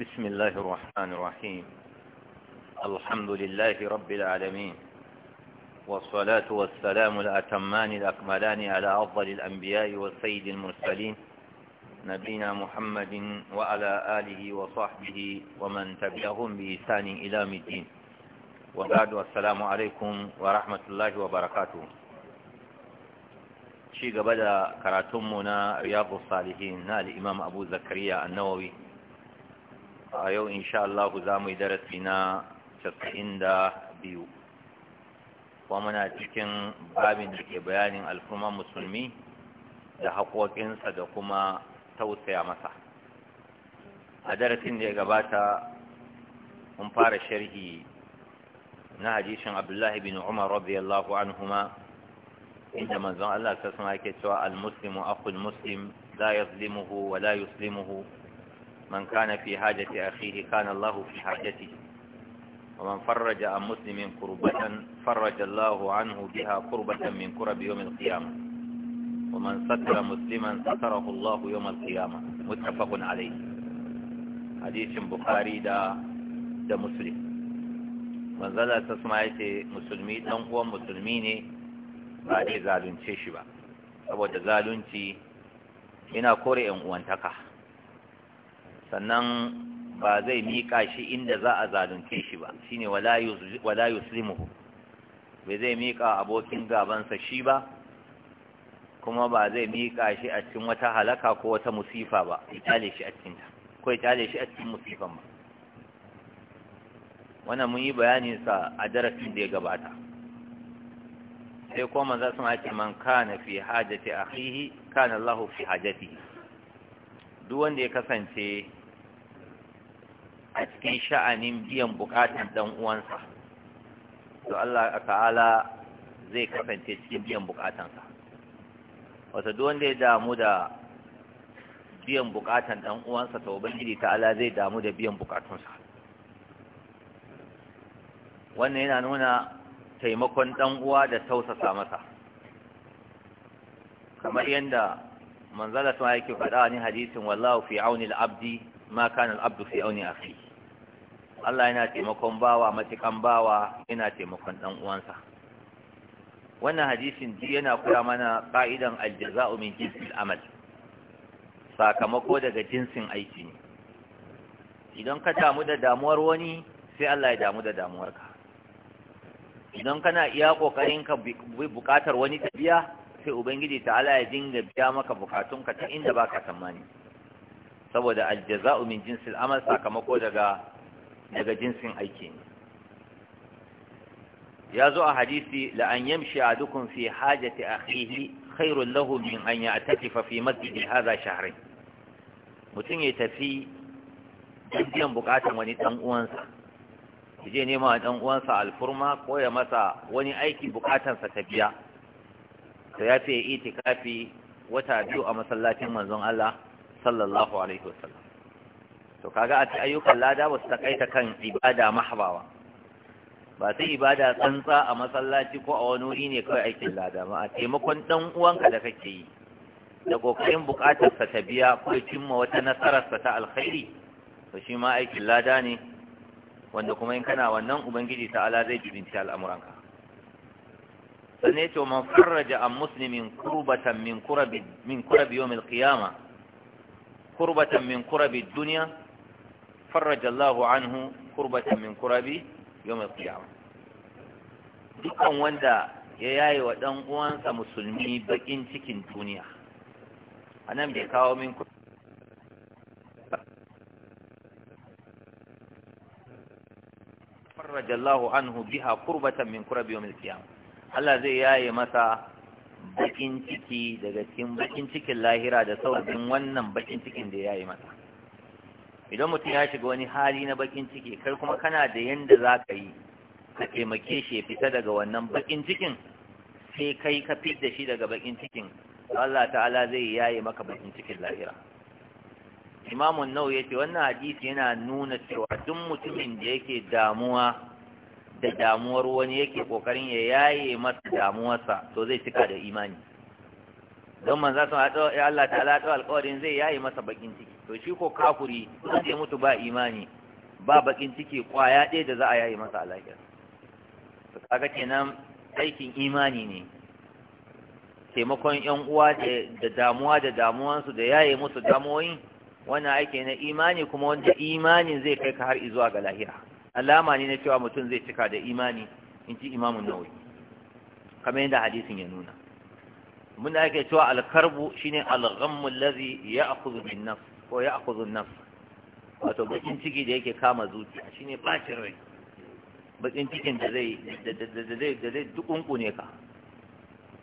بسم الله الرحمن الرحيم الحمد لله رب العالمين والصلاة والسلام الأتمان الأكملان على أفضل الأنبياء والسيد المرسلين نبينا محمد وعلى آله وصحبه ومن تبعهم بإحسان إلى الدين وبعد والسلام عليكم ورحمة الله وبركاته شيء قبل كراتمنا رياض الصالحين نال الإمام أبو زكريا النووي a yau insha za mu yi darasi na biyu. kuma muna cikin babin da ke bayanin al'umma musulmi da haƙoƙinsa da kuma tausaya masa a darasin da ya gabata mun fara sharhi na hadishin abdullahi bin umar radiyallahu anhuma inda manzon Allah sassana yake cewa al-muslimu akhul muslim la yazlimuhu wa la yuslimuhu من كان في حاجة أخيه كان الله في حاجته ومن فرج عن مسلم كربة فرج الله عنه بها كربة من كرب يوم القيامة ومن ستر مسلما ستره الله يوم القيامة متفق عليه حديث بخاري دا دا مسلم من زال تسمع يتي مسلمي دان هو مسلمي ne ba dai zalunce shi ba saboda zalunci yana kore 'yan uwantaka sannan ba zai miƙa shi inda za a zalunce shi ba shine wala yuslimuhu bai zai miƙa abokin gabansa shi ba kuma ba zai miƙa shi a cikin wata halaka ko wata musifa ba ya kyale shi a cikin ta ko ya kyale shi a cikin musifan ba wannan mun yi bayanin sa a darasin da ya gabata sai ko manzo sun ake man kana fi hajati akhihi kana Allahu fi hajatihi duk wanda ya kasance a cikin sha'anin biyan bukatar dan uwansa to Allah ta'ala zai kasance cikin biyan bukatansa wato duk wanda ya damu da biyan bukatar dan uwansa to ubangiji ta'ala zai damu da biyan bukatunsa wannan yana nuna taimakon dan uwa da tausasa masa kamar yadda manzala sun yake faɗa ni hadisin wallahu fi auni al-abdi ma kana al-abdu fi auni akhi Allah yana taimakon bawa matukan bawa yana taimakon dan uwansa wannan hadisin ji yana koya mana ka'idan aljaza'u min jinsil amal sakamako daga jinsin aiki ne idan ka damu da damuwar wani sai Allah ya damu da damuwarka idan kana iya kokarin ka bukatar wani tabiya sai ubangiji ta Allah ya dinga biya maka bukatunka ta inda baka tsammani saboda aljaza'u min jinsil amal sakamako daga daga jinsin aiki ya zo a hadisi la an a adukum fi a akhihi khairul lahu min an ya'takifa fi masjidi hadha shahrin mutum ya tafi biyan bukatan wani dan uwansa je nema ɗan uwansa alfurma ko ya masa wani aiki bukatansa ta biya to ya fi itikafi wata biyu a masallacin manzon Allah sallallahu alaihi wasallam to kaga a ayyukan lada ba su takaita kan ibada mahbawa ba sai ibada tsantsa a masallaci ko a wani wuri ne kawai aikin lada ma a taimakon dan uwanka da kake yi da kokarin bukatar sa ta biya ko cimma wata nasarar sa ta alkhairi to shi ma aikin lada ne wanda kuma in kana wannan ubangiji ta Ala zai jibinci al'amuranka sannan yace man farraja an muslimin kurbatan min kurabi min kurabi yawm al-qiyama kurbatan min kurabi duniya. farraja Allahu anhu kurbatan min kurabi yawm al-qiyamah dukkan wanda ya yaye wa dan uwansa musulmi bakin cikin duniya anan bai kawo min farraja Allahu anhu biha kurbatan min kurabi yawm al-qiyamah Allah zai yaye masa bakin ciki daga cikin bakin cikin lahira da saurin wannan bakin cikin da ya yi masa idan mutum ya shiga wani hali na bakin ciki kai kuma kana da yanda za ka yi ka taimake shi ya fita daga wannan bakin cikin sai kai ka fit da shi daga bakin cikin Allah ta'ala zai yaye maka bakin cikin lahira imamun nau ya ce wannan hadisi yana nuna cewa duk mutumin da yake damuwa da damuwar wani yake kokarin ya yaye masa damuwarsa to zai cika da imani don za su haɗo ya Allah ta'ala ɗau alƙawarin zai yayi masa bakin ciki to shi ko kafuri sun zai mutu ba imani ba bakin ciki kwaya ɗaya da za a yayi masa alaƙar to kaga kenan aikin imani ne taimakon 'yan uwa da damuwa da damuwansu da yaye musu damuwoyin wannan aiki na imani kuma wanda imanin zai kai ka har zuwa ga lahira alama ne na cewa mutum zai cika da imani in ji imamun nawawi kamar yadda hadisin ya nuna mun da ake cewa alkarbu shine alghammu allazi ya'khudhu bin nafs ko ya'khudhu an-nafs wato bakin ciki da yake kama zuciya shine bacin rai bakin cikin da zai da zai da dukunkune ka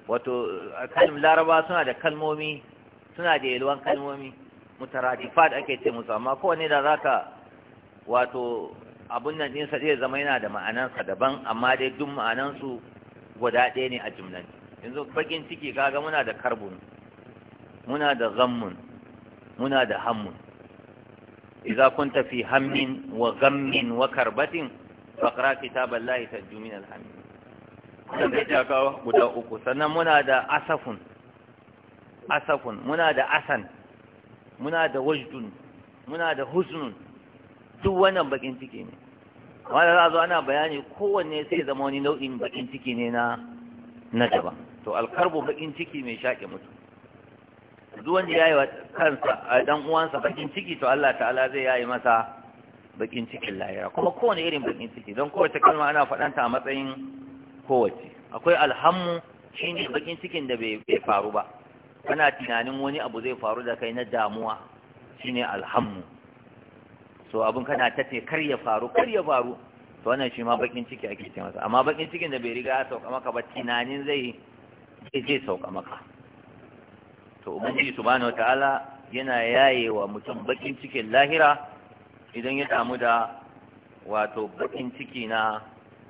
wato kan laraba suna da kalmomi suna da yalwan kalmomi mutaradifat ake ce musu amma kowanne da zaka wato abun nan ɗinsa zai zama yana da ma'anansa daban amma dai duk ma'anansu guda ɗaya ne a jumlan. yanzu bakin ciki kaga muna da karbun muna da zammun muna da hammun idza kunta fi hammin wa ghammin wa karbatin faqra kitaballahi tajju min alhamm sai ta kawo guda uku sannan muna da asafun asafun muna da asan muna da wajdun muna da husnun duk wannan bakin ciki ne wanda za a zo ana bayani kowanne sai zama wani nau'in bakin ciki ne na na daban to alkarbu bakin ciki mai shaƙe mutum duk wanda yayi wa kansa dan uwansa bakin ciki to Allah ta'ala zai yayi masa bakin cikin lahira kuma kowane irin bakin ciki don kowace kalma ana faɗanta a matsayin kowace akwai alhammu ne bakin cikin da bai faru ba kana tunanin wani abu zai faru da kai na damuwa Shi ne, alhammu so abun kana tace kar ya faru kar ya faru to wannan shi ma bakin ciki ake ce masa amma bakin cikin da bai riga ya sauka maka ba tunanin zai zai sauka maka to ubangiji subhanahu wataala yana yayewa mutum bakin cikin lahira idan ya damu da wato bakin ciki na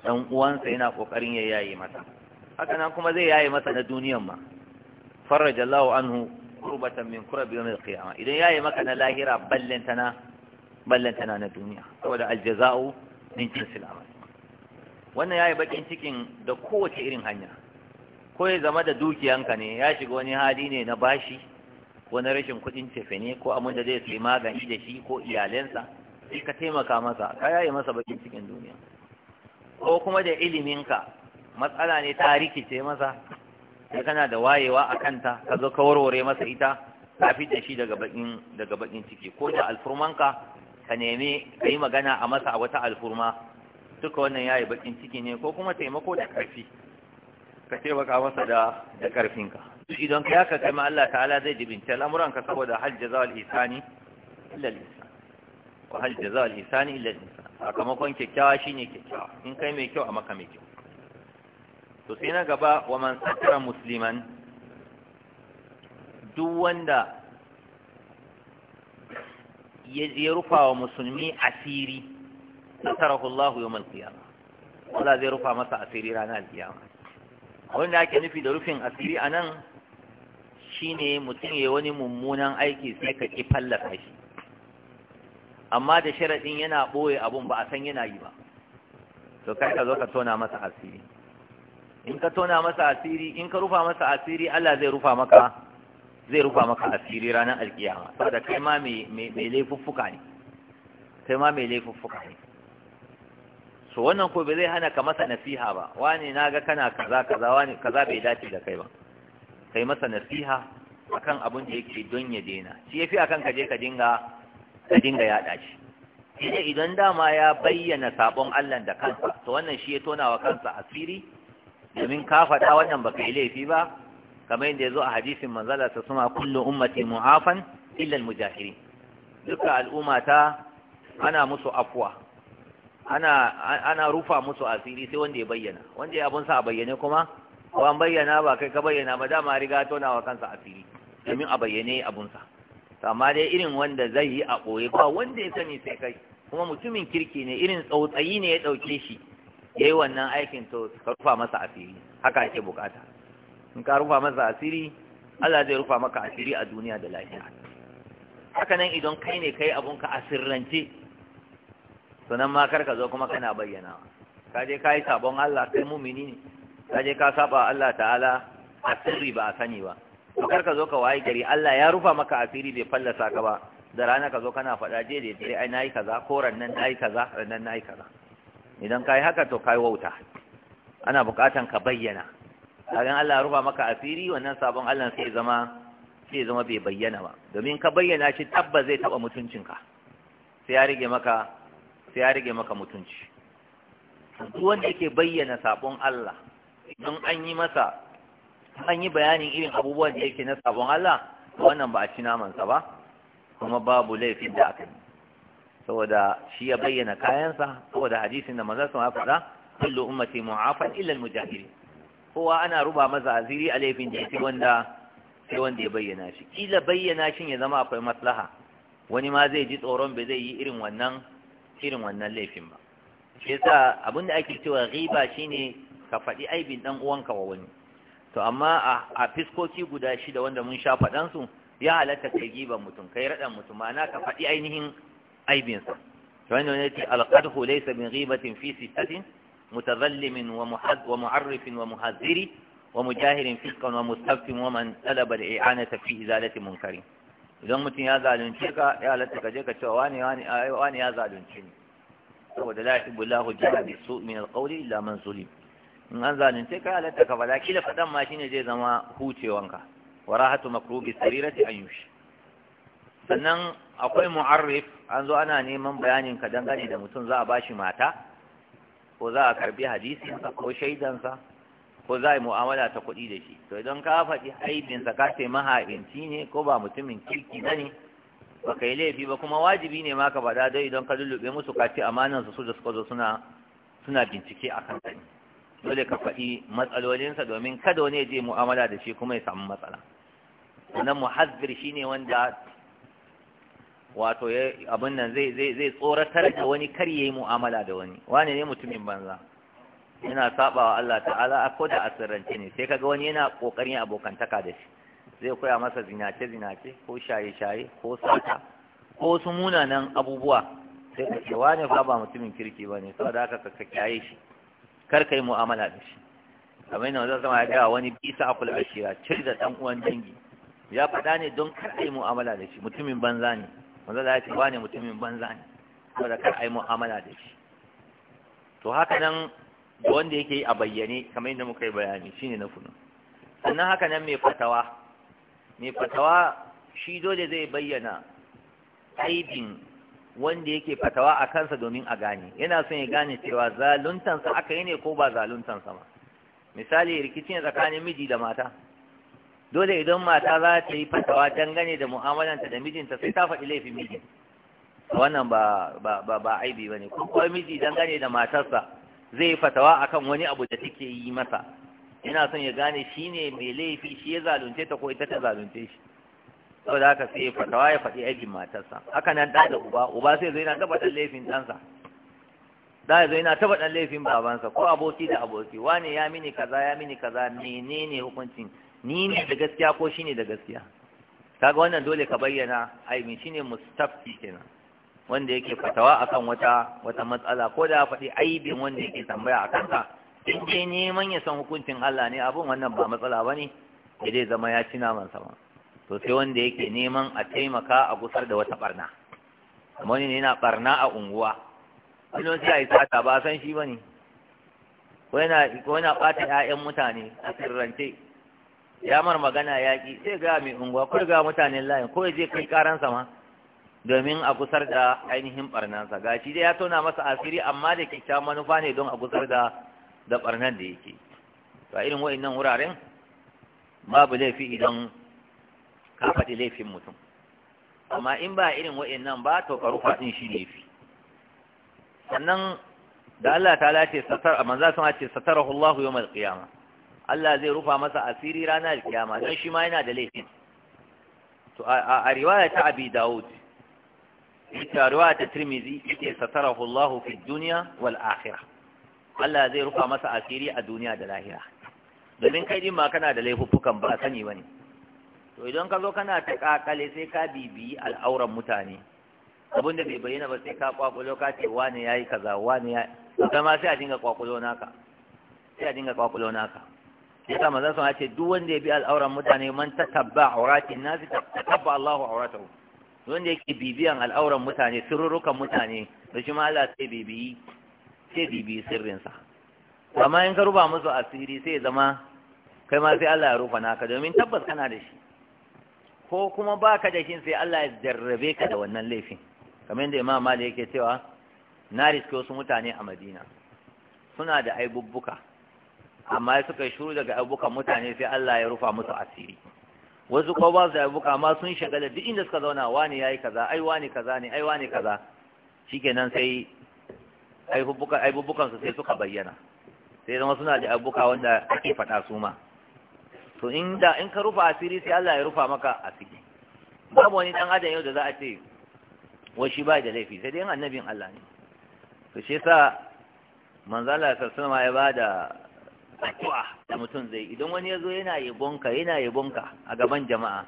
dan uwansa yana kokarin ya yaye masa haka nan kuma zai yaye masa na duniyan ma faraja Allahu anhu qurbatan min qurbi yawm al-qiyamah idan yaye maka na lahira ballantana ballantana na duniya saboda aljaza'u min jinsil amal wannan yaye bakin cikin da kowace irin hanya ko ya zama da dukiyanka ne ya shiga wani hali ne na bashi ko na rashin kuɗin ne ko abin da zai sai magani da shi ko iyalensa sai ka taimaka masa ka yaye masa bakin cikin duniya ko kuma da iliminka matsala ne ta rikice masa sai kana da wayewa a kanta ka zo ka warware masa ita ka da shi daga bakin daga ciki ko da alfurmanka ka nemi ka yi magana a masa a wata alfurma duka wannan yayi bakin ciki ne ko kuma taimako da karfi ka taimaka masa da da karfinka idan ka yaka kai ma Allah ta'ala zai jibinta al'amuran ka saboda hal jaza al ihsani illa al ihsan wa hal jaza al ihsani illa al ihsan sakamakon kyakkyawa shine kyakkyawa in kai mai kyau a maka mai kyau to sai na gaba wa man satara musliman duk wanda ya rufa wa musulmi asiri satarahu Allah yawm al-qiyamah Allah zai rufa masa asiri ranar al-qiyamah abin da ake nufi da rufin asiri a nan shi ne mutum ya wani mummunan aiki sai ka ƙi fallasa shi amma da sharaɗin yana ɓoye abun ba a san yana yi ba to kai ka zo ka tona masa asiri in ka tona masa asiri in ka rufa masa asiri Allah zai rufa maka zai rufa maka asiri ranar alkiyama saboda kai ma mai laifuffuka ne kai ma mai laifuffuka ne to wannan ko bai zai hana ka masa nasiha ba wani ga kana kaza kaza wani kaza bai dace da kai ba kai masa nasiha akan abin da yake don ya daina shi yafi akan ka je ka dinga ka dinga yada shi idan dama ya bayyana sabon Allah da kansa to wannan shi ya tona wa kansa asiri domin ka faɗa wannan baka yi laifi ba kamar yadda ya zo a hadisin manzala ta suma kullu ummati mu'afan illa duka al'umma ta ana musu afuwa. ana ana rufa musu asiri sai wanda ya bayyana wanda ya abun sa a bayyane kuma ko bayyana ba kai ka bayyana ba dama riga tona wa kansa asiri domin a bayyane abun sa amma dai irin wanda zai yi a ɓoye ba wanda ya sani sai kai kuma mutumin kirki ne irin tsautsayi ne ya ɗauke shi yayi wannan aikin to ka rufa masa asiri haka ake bukata in ka rufa masa asiri Allah zai rufa maka asiri a duniya da lafiya haka nan idan kai ne kai abun ka asirrance sannan ma kar ka zo kuma kana bayyana ka je ka yi sabon Allah kai mumini ne ka je ka saba Allah ta'ala a sirri ba a sani ba to kar ka zo ka waye gari Allah ya rufa maka asiri bai fallasa ka ba da rana ka zo kana faɗa je da dare ai nayi kaza ko rannan nayi kaza rannan nayi kaza idan kai haka to kai wauta ana buƙatan ka bayyana kagan Allah ya rufa maka asiri wannan sabon Allah sai zama sai zama bai bayyana ba domin ka bayyana shi tabba zai taba mutuncinka sai ya rige maka sai ya rage maka mutunci duk wanda yake bayyana sabon Allah don an yi masa an yi bayanin irin abubuwan da yake na sabon Allah wannan ba a ci namansa ba kuma babu laifin da aka yi saboda shi ya bayyana kayansa saboda hadisin da maza sun faɗa kullu ummati mu'afan illa al-mujahiri kowa ana ruba masa aziri a laifin da yake wanda sai wanda ya bayyana shi kila bayyana shin ya zama akwai maslaha wani ma zai ji tsoron bai zai yi irin wannan irin wannan laifin ba shi yasa abin da ake cewa riba shine ka faɗi aibin ɗan uwanka wa wani to amma a fiskoki guda shida wanda mun sha faɗan su ya halatta kai giban mutum kai raɗan mutum ma'ana ka faɗi ainihin aibinsa to wanda ne ce alqadhu laysa min ghibatin fi sittatin mutazallimin wa muhad wa mu'arrifin wa muhazziri wa mujahirin fisqan wa mustafin wa man talaba al-i'anata fi izalati munkarin idan mutum ya zalunce ka ya halatta ka je ka cewa wani wani ya zalunce ni saboda la yuhibbu Allahu jahala bi su' min al-qawli illa man zulim in an zalunce ka ya halatta ka fada kila fadan ma shine zai zama hucewanka wa rahatu makrubi sarirati an yush sannan akwai mu'arrif an zo ana neman bayanin ka dangane da mutum za a bashi mata ko za a karbi hadisi ko shaidansa ko za yi mu'amala ta kuɗi da shi to idan ka faɗi sa ka ce maha'inci ne ko ba mutumin kirki ba ne ba ka yi laifi ba kuma wajibi ne ma ka faɗa dai idan ka lullube musu ka ce amanansu su da suka zo suna suna bincike a kan sani dole ka faɗi matsalolinsa domin kada wani je mu'amala da shi kuma ya samu matsala sannan muhazzir ne wanda wato abin nan zai tsoratar da wani kar yayi mu'amala da wani wane ne mutumin banza yana sabawa Allah ta'ala a koda a sirrance ne sai kaga wani yana kokarin abokantaka da shi zai koya masa zinace zinace ko shaye shaye ko sata ko su munanan abubuwa sai ka ce wani fa ba mutumin kirki ba ne saboda haka ka kiyaye shi kar kai mu'amala da shi kamar yadda zama ya gaya wani bisa akul ashira cir da dan uwan dangi ya faɗa ne don kar ai mu'amala da shi mutumin banza ne wanda za a ce wani mutumin banza ne saboda kar ai mu'amala da shi to haka nan da wanda yake yi a bayyane kamar yadda muka yi bayani shine na funu sannan haka nan mai fatawa mai fatawa shi dole zai bayyana aibin wanda yake fatawa a kansa domin a gane yana son ya gane cewa zaluntansa aka yi ne ko ba zaluntansa ba misali rikicin ne tsakanin miji da mata dole idan mata za ta yi fatawa dangane da mu'amalanta da mijinta sai ta faɗi laifin miji wannan ba aibi ba ne. bane miji dangane da matarsa zai fatawa akan wani abu da take yi masa ina son ya gane shi ne mai laifi shi ya zalunce ta ko ita ta zalunce shi saboda haka sai ya fatawa ya faɗi aikin matarsa haka nan ɗa da uba uba sai zai na taɓa ɗan laifin ɗansa da ya zai na taɓa ɗan laifin babansa ko aboki da aboki wane ya mini kaza ya mini kaza menene hukuncin ni ne da gaskiya ko shi ne da gaskiya kaga wannan dole ka bayyana aibin shi ne mustafti kenan wanda yake fatawa akan wata wata matsala ko da faɗi aibin wanda yake tambaya a kansa in neman ya san hukuncin Allah ne abin wannan ba matsala bane da dai zama ya ci naman sama to sai wanda yake neman a taimaka a gusar da wata barna amma ne yana barna a unguwa wani sai ai sata ba san shi bane ko yana ko yana bata ƴaƴan mutane a sirrance ya mar magana yaƙi sai ga mai unguwa ko ga mutanen layin ko ya je kai karan sama domin a gusar da ainihin barnansa ga shi dai ya tona masa asiri amma da kyakkyawan manufa ne don a gusar da da barnan da yake to irin wa'annan wuraren babu laifi idan ka faɗi laifin mutum amma in ba irin wa'annan ba to ka rufa din shi laifi sannan da Allah ta lace satar amma za su ce satar Allahu yawmal qiyama Allah zai rufa masa asiri ranar kiyama don shi ma yana da laifin to a riwaya ta Abi Dawud ita ruwa ta tirmizi yake satarahu Allah fi duniya wal akhirah Allah zai rufa masa asiri a duniya da lahira domin kai din ma kana da laifuffukan ba sani bane to idan ka zo kana ta kakale sai ka bibiyi al'auran mutane abin da bai bayyana ba sai ka kwakulo ka ce wani yayi kaza wani ya kuma sai a dinga kwakulo naka sai a dinga kwakulo naka yasa manzon sun ce duk wanda ya bi al'auran mutane man tatabba auratin nasi tatabba Allahu auratahu wanda yake bibiyan al'auran mutane sirrurukan mutane da shi ma sai bibiyi sai bibiyi sirrinsa amma in ka ruba musu asiri sai zama kai ma sai Allah ya rufa naka domin tabbas kana da shi ko kuma baka da shi sai Allah ya jarrabe ka da wannan laifin kamar yadda Imam Malik yake cewa na riske wasu mutane a Madina suna da aibubbuka amma suka shuru daga aibukan mutane sai Allah ya rufa musu asiri wasu ko ba su abuka amma sun shagala duk inda suka zauna wani ya yi kaza ai wani kaza ne ai wani kaza shi sai nan sai su sai suka bayyana sai zama suna da abuka wanda ake faɗa su ma to in in ka rufa asiri sai Allah ya rufa maka asiri babu wani dan adam yau da za a ce washi ba da laifi sai dai annabin Allah ne to shi yasa manzo Allah sallallahu alaihi wasallam ya bada addu'a da mutum zai idan wani ya zo yana yabonka yana yabonka a gaban jama'a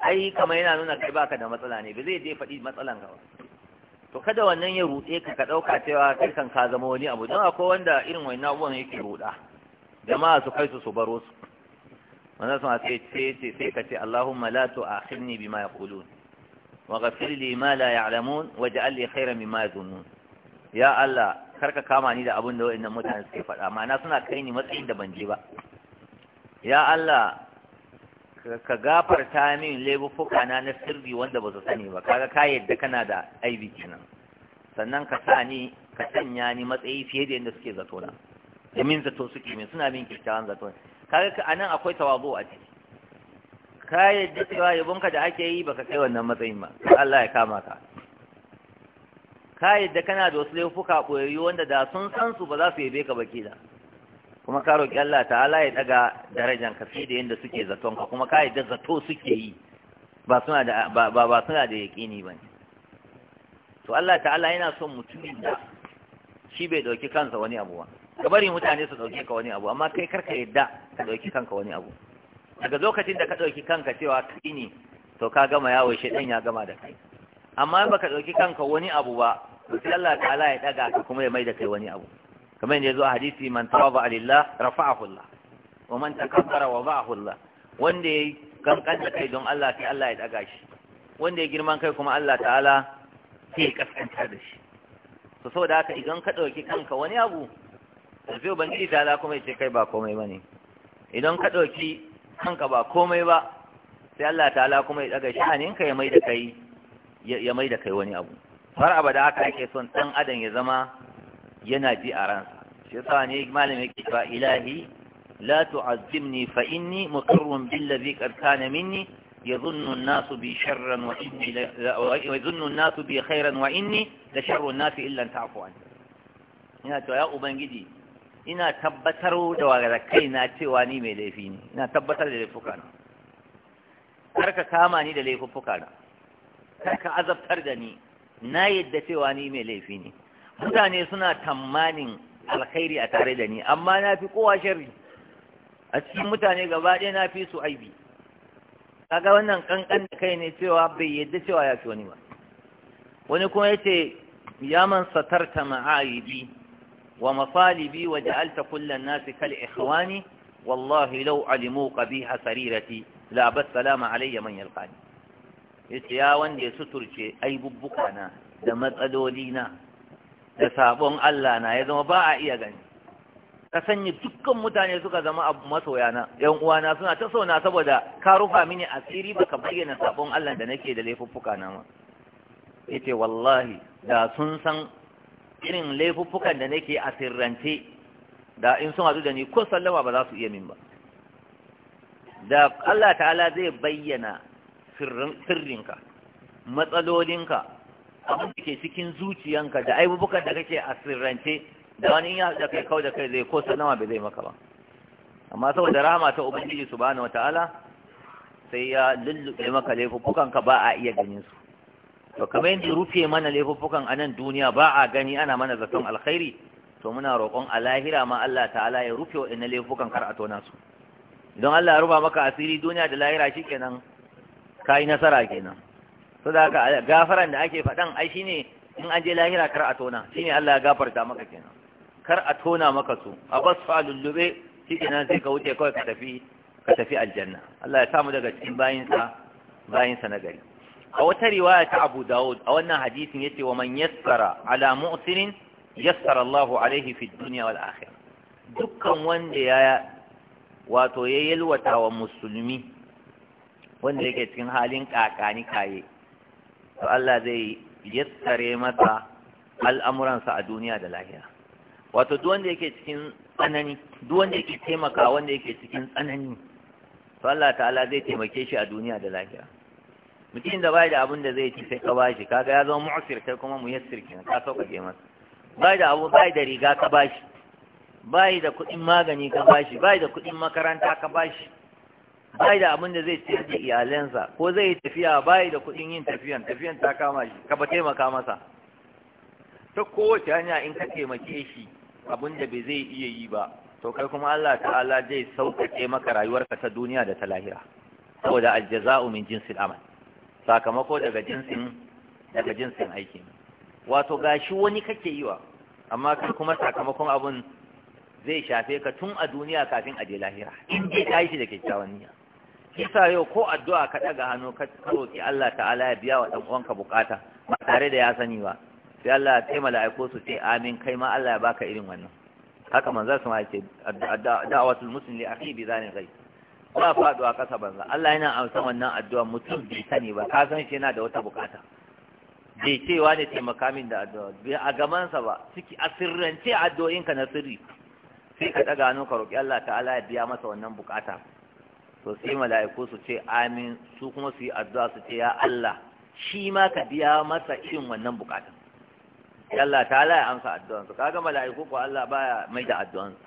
ai kama yana nuna kai baka da matsala ne ba zai je faɗi matsalan ka to kada wannan ya ruɗe ka ka ɗauka cewa kai kan ka zama wani abu don akwai wanda irin wani abubuwan yake ruɗa jama'a su kai su su baro su wanda sun sai ce sai ka ce Allahumma la ma ya yaqulun wa ghafir li ma la ya'lamun waj'al li ma mimma yadhunnun ya Allah kar ka kama ni da abin da nan mutane suke faɗa ma'ana suna kai ni matsayin da ban je ba ya Allah ka gafarta min laifuka na na sirri wanda ba su sani ba kaga ka yadda kana da aibi kenan sannan ka sa ni ka sanya ni matsayi fiye da yadda suke zato na da min zato suke min suna min kyakkyawan zato kaga ka anan akwai tawazu a ciki ka yadda cewa yabonka da ake yi baka kai wannan matsayin ba Allah ya kama ka ka yadda kana da wasu laifuka ɓoyayyu wanda da sun san su ba za su yabe ka ba da. kuma ka roƙi Allah ta'ala ya daga darajan ka fi da yadda suke zaton ka kuma ka yadda zato suke yi ba suna da ba ba suna da yaqini bane to Allah ta'ala yana son mutumin da shi bai dauki kansa wani abu ba ka bari mutane su dauke ka wani abu amma kai kar ka yadda ka dauki kanka wani abu daga lokacin da ka dauki kanka cewa kai ne to ka gama yawo shedan ya gama da kai amma ba ka ɗauki kanka wani abu ba to sai Allah ta'ala ya daga ka kuma ya maida kai wani abu kamar yadda yazo a hadisi man tawaba lillah rafa'ahu Allah wa man takabbara wa ba'ahu Allah wanda yayi kankan da kai don Allah sai Allah ya daga shi wanda ya girman kai kuma Allah ta'ala sai ya kaskantar da shi to saboda haka idan ka dauki kanka wani abu sai ubangiji ta'ala kuma ya ce kai ba komai bane idan ka dauki kanka ba komai ba sai Allah ta'ala kuma ya daga ka ya mai da kai ya mai da kai wani abu har abada haka ake son ɗan adam ya zama yana ji a ransa shi yasa ne malami yake cewa ilahi la tu'azzimni fa inni muqirrun billazi qad kana minni yadhunnu an-nasu bi sharran wa inni wa yadhunnu an-nasu bi khairan wa inni la sharru an-nasi illa an ta'fu an ina to ya ubangiji ina tabbatar da wa kaina cewa ni mai laifi ne ina tabbatar da laifuka na kar ka kama ni da laifuka na kar ka azabtar da ni na yadda cewa ni mai laifi ne mutane suna tamanin alkhairi a tare da ni amma na fi kowa shari. a cikin mutane gaba ɗaya na fi su aibi kaga wannan kankan da kai ne cewa bai yadda cewa ya fi wani ba wani kuma yace ya man satarta ma'aibi wa masalibi wa ja'alta kullan nasi kal ikhwani wallahi law alimu kabiha sarirati la bas salama alayya man yalqani yace ya wanda ya suturce aibubbuka na da matsaloli na da sabon Allah na ya zama ba a iya gani ka sanya dukkan mutane suka zama abu na. yan uwana suna ta sauna saboda ka rufa mini asiri baka bayyana sabon Allah da nake da laifuffuka na ma yace wallahi da sun san irin laifuffukan da nake a sirrance da in sun hadu da ni ko sallama ba za su iya min ba da Allah ta'ala zai bayyana sirrinka matsalolinka abin da ke cikin zuciyanka da aibubukan da kake a sirrance da wani ya da kai kawo da kai zai ko sallama bai zai maka ba amma saboda rahama ta ubangiji su subhanahu wataala sai ya lullube maka laifukan ka ba a iya ganin su to kamar yadda rufe mana laifukan a nan duniya ba a gani ana mana zaton alkhairi to muna roƙon a lahira ma Allah ta'ala ya rufe waɗannan laifukan kar a tona su idan Allah ya ruba maka asiri duniya da lahira shikenan ka yi nasara kenan so da haka gafaran da ake faɗan ai ne in an je lahira kar a tona shine Allah ya gafarta maka kenan kar a tona maka su a bas fa lullube shi kenan sai ka wuce kawai ka tafi ka tafi aljanna Allah ya samu daga cikin bayinsa bayinsa na gari a wata riwaya ta Abu Dawud a wannan hadisin yace wa man yassara ala mu'sirin yassara Allahu alaihi fid dunya wal akhirah dukkan wanda ya wato ya yalwata wa musulmi wanda yake cikin halin kakani kaye to Allah zai yassare masa al'amuransa a duniya da lahira wato duk wanda yake cikin tsanani duk wanda yake taimaka wanda yake cikin tsanani to Allah ta'ala zai taimake shi a duniya da lahira mutum da bai da abin da zai ci sai ka bashi kaga ya zama mu'sir kai kuma muyassir kenan ka sauka ke masa bai da abu bai da riga ka bashi bai da kuɗin magani ka bashi bai da kuɗin makaranta ka bashi bai da abin da zai ciyar da iyalansa ko zai yi tafiya bai da kuɗin yin tafiyan tafiyan ta kama shi ka ba taimaka masa ta kowace hanya in ka taimake shi abin da bai zai iya yi ba to kai kuma Allah ta'ala zai sauƙaƙe maka rayuwarka ta duniya da ta lahira saboda aljaza'u min jinsil amal sakamako daga jinsin daga jinsin aiki wato gashi wani kake yi wa amma kai kuma sakamakon abun zai shafe ka tun a duniya kafin a je lahira in dai kai shi da kyakkyawan niyya yasa yau ko addu'a ka daga hannu ka roki Allah ta'ala ya biya wa dan uwanka bukata ba tare da ya sani ba sai Allah ya taimaka mala'iku su ce amin kai ma Allah ya baka irin wannan haka manzo sama yake da'awatul muslim li akhi bi zani ghaib ba faduwa kasa banza Allah yana amsa wannan addu'a mutum bai sani ba ka san shi yana da wata bukata bai cewa ne taimaka min da addu'a bai a sa ba ciki a sirrance addu'o'inka na sirri sai ka daga hannu ka roƙi Allah ta'ala ya biya masa wannan bukata to sai mala'iku su ce amin su kuma su yi addu'a su ce ya Allah shi ma ka biya masa irin wannan bukatun Allah ta ya amsa addu'ansu kaga mala'iku ko Allah baya mai da addu'ansu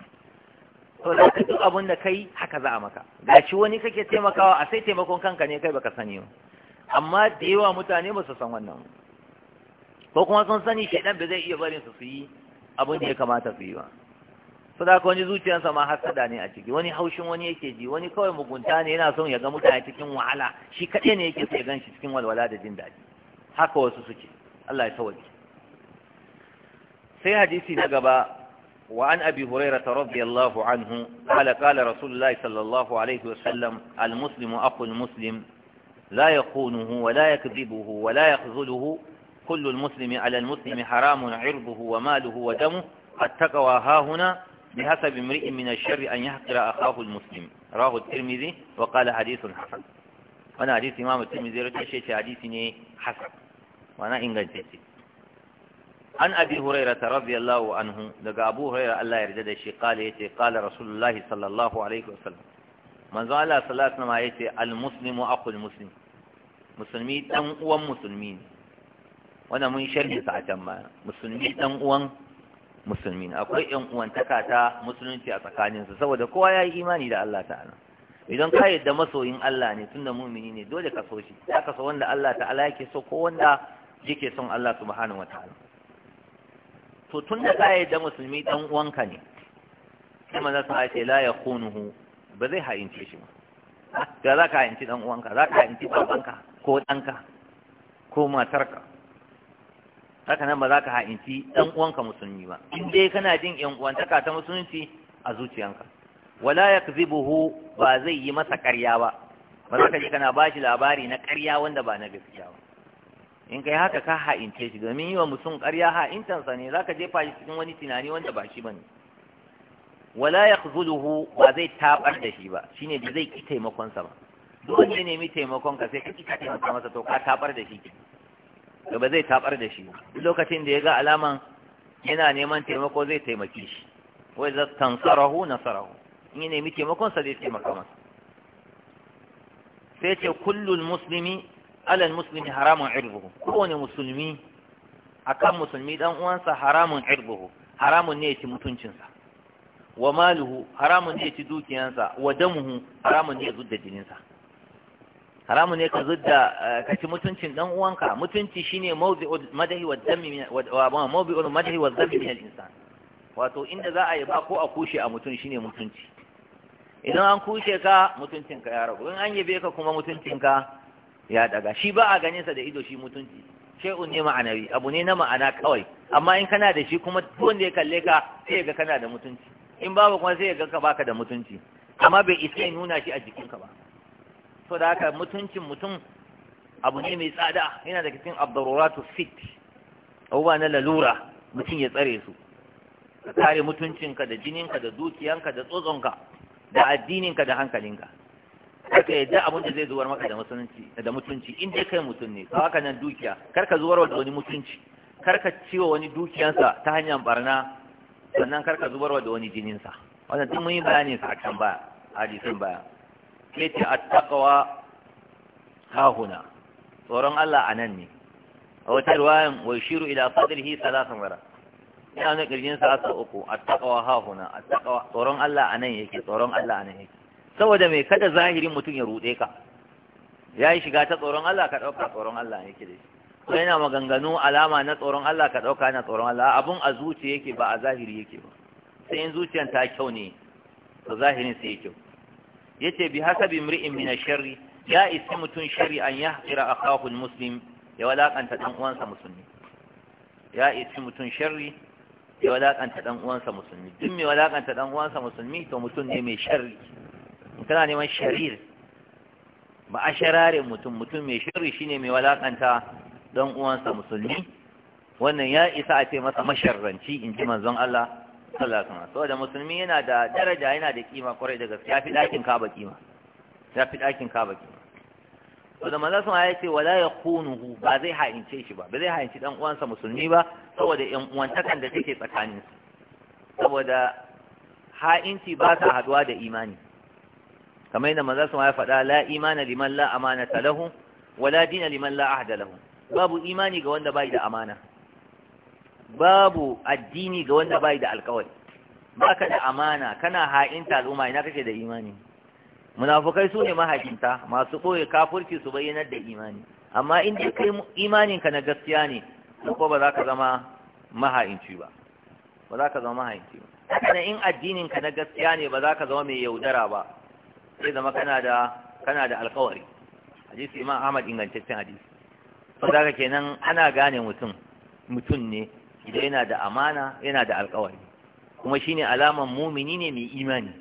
to da duk abin da kai haka za a maka gashi wani kake taimakawa a sai taimakon kanka ne kai baka sani ba amma da yawa mutane ba su san wannan ko kuma sun sani shaidan ba zai iya barin su su yi abin da ya kamata su yi ba so da wani zuciyarsa ma hasada ne a ciki wani haushin wani yake ji wani kawai mugunta ne yana son ya ga mutane cikin wahala shi kaɗai ne yake so ya ganshi cikin walwala da jin daɗi haka wasu suke Allah ya tawaki sai hadisi na gaba wa an abi hurairata radiyallahu anhu qala qala rasulullahi sallallahu alaihi wa sallam al muslimu aqul muslim la la wa wa لا يخونه ولا يكذبه ولا يخذله كل المسلم على المسلم حرام عرضه وماله ودمه التقوى ha huna بحسب امرئ من الشر أن يحقر أخاه المسلم رواه الترمذي وقال حديث حسن وانا حديث إمام الترمذي رجل شيء حديث حسن وانا إنجلتسي عن أبي هريرة رضي الله عنه لقى أبو هريرة الله يرجد الشيء قال يتي قال رسول الله صلى الله عليه وسلم من ذا الله صلى الله عليه وسلم يتي المسلم أخو المسلم مسلمي تنقوى مسلمين وانا من شرح ساعة ما مسلمي تنقوى musulmin akwai yan uwantaka ta musulunci a tsakaninsu saboda kowa ya yi imani da Allah ta'ala idan ka yadda masoyin Allah ne tun da mumini ne dole ka so shi Ya kasa wanda Allah ta'ala yake so ko wanda yake son Allah subhanahu wa ta'ala to tun da ka yadda musulmi dan uwanka ne sai manzo sa ce la yakhunuhu ba zai haince shi ba da ah, za ka hainci dan uwanka za ka hainci babanka ko danka ko matarka haka nan ba za ka ha'inci ɗan uwanka musulmi ba in dai kana jin ƴan uwantaka ta musulunci a zuciyanka wala yakzibuhu ba zai yi masa ƙarya ba ba za ka je kana bashi labari na ƙarya wanda ba na gaskiya ba in kai haka ka ha'ince shi domin yi wa mutum ƙarya ha'intansa ne za ka jefa shi cikin wani tunani wanda ba shi ba ne wala ya ba zai tabar da shi ba shine da zai ki taimakonsa ba duk wanda ya nemi taimakonka sai ka ki taimaka masa to ka tabar da shi da ba zai tabar da shi lokacin da ya ga alaman yana neman taimako zai taimake shi wai za tansarahu nasarahu in ya nemi taimakon zai taimaka masa sai ce kullun muslimi alal muslimi haramun irbuhu kowane musulmi akan musulmi dan uwansa haramun irbuhu haramun ne ya ci mutuncinsa wa maluhu haramun ne dukiyansa wa damuhu haramun ne ya zudda jininsa haramu ne ka zudda eh, ka ci mutuncin dan uwanka mutunci shine mawdi'ul madahi wad dami wa mawdi'ul madahi wad dami min al-insan wato inda za a yi ba ko a kushe a mutun shine mutunci idan an kushe ka mutuncin ka ya rabu in an yabe ka kuma mutuncin ka ya daga shi ba a ganin sa da ido shi mutunci shay'un ne ma'anawi abu ne na ma'ana kawai amma in kana da shi kuma wanda ya kalle ka sai ya ga kana da mutunci in babu kuma sai ya ga ka baka da mutunci amma bai isa nuna shi a jikinka ba so da haka mutuncin mutum abu ne mai tsada yana daga cikin to fit abubuwa na lalura mutum ya tsare su ka kare mutuncinka da jininka da dukiyanka da tsotsonka da addininka da hankalinka karka yadda abin da zai zuwar maka da mutunci da mutunci in dai kai mutum ne kawaka nan dukiya karka zuwar da wani mutunci karka ciwo wani dukiyansa ta hanyar barna sannan karka zubarwa da wani jininsa wannan tun mun yi bayani sa a can baya hadisin baya sai ce attaqwa hahuna tsoron Allah a nan ne a wata ruwayan wai shiru ila sadrihi salasan mara ina wani kirjin sa aka uku attaqwa hahuna attaqwa tsoron Allah a nan yake tsoron Allah a nan yake saboda mai kada zahirin mutum ya rude ka ya yi shiga ta tsoron Allah ka dauka tsoron Allah yake da shi yana maganganu alama na tsoron Allah ka dauka na tsoron Allah abun a zuciya yake ba a zahiri yake ba sai in zuciyan ta kyau ne to zahirin sai yake kyau yace bi hasabi imri'in min ash-sharri ya isi mutun sharri an yahqira akahu al-muslim ya walakanta dan uwansa musulmi ya isi mutun sharri ya walakanta dan uwansa musulmi duk mai walakanta dan uwansa musulmi to mutum ne mai sharri kana neman sharir ba a shararin mutum mutum mai shirri shine mai walakanta dan uwansa musulmi wannan ya isa a ce masa masharranci in ji manzon Allah sallallahu alaihi saboda musulmi yana da daraja yana da kima kwarai da gaske ya fi dakin kaba kima ya fi dakin kaba kima saboda manzo sun ya ce wala yaqunuhu ba zai haince shi ba ba zai haince dan uwansa musulmi ba saboda yan uwantakan da take tsakanin su saboda ha'inci ba sa haduwa da imani kamar yadda manzo sun ya faɗa la imana liman la amanata lahu wala dina liman la ahda lahu babu imani ga wanda bai da amana babu addini ga wanda bai da alkawari baka da amana kana ha'inta al'umma ina kake da imani munafukai su ne mahajinta masu ɓoye kafurci su bayyanar da imani amma in dai kai imaninka na gaskiya ne ko ba za ka zama maha'inci ba ba za ka zama maha'inci ba kana in addininka na gaskiya ne ba za ka zama mai yaudara ba sai zama kana da kana da alƙawari? hadisi imam ahmad ingantaccen hadisi ba za ka kenan ana gane mutum mutum ne idan yana da amana yana da alkawari kuma shine alaman mumini ne mai imani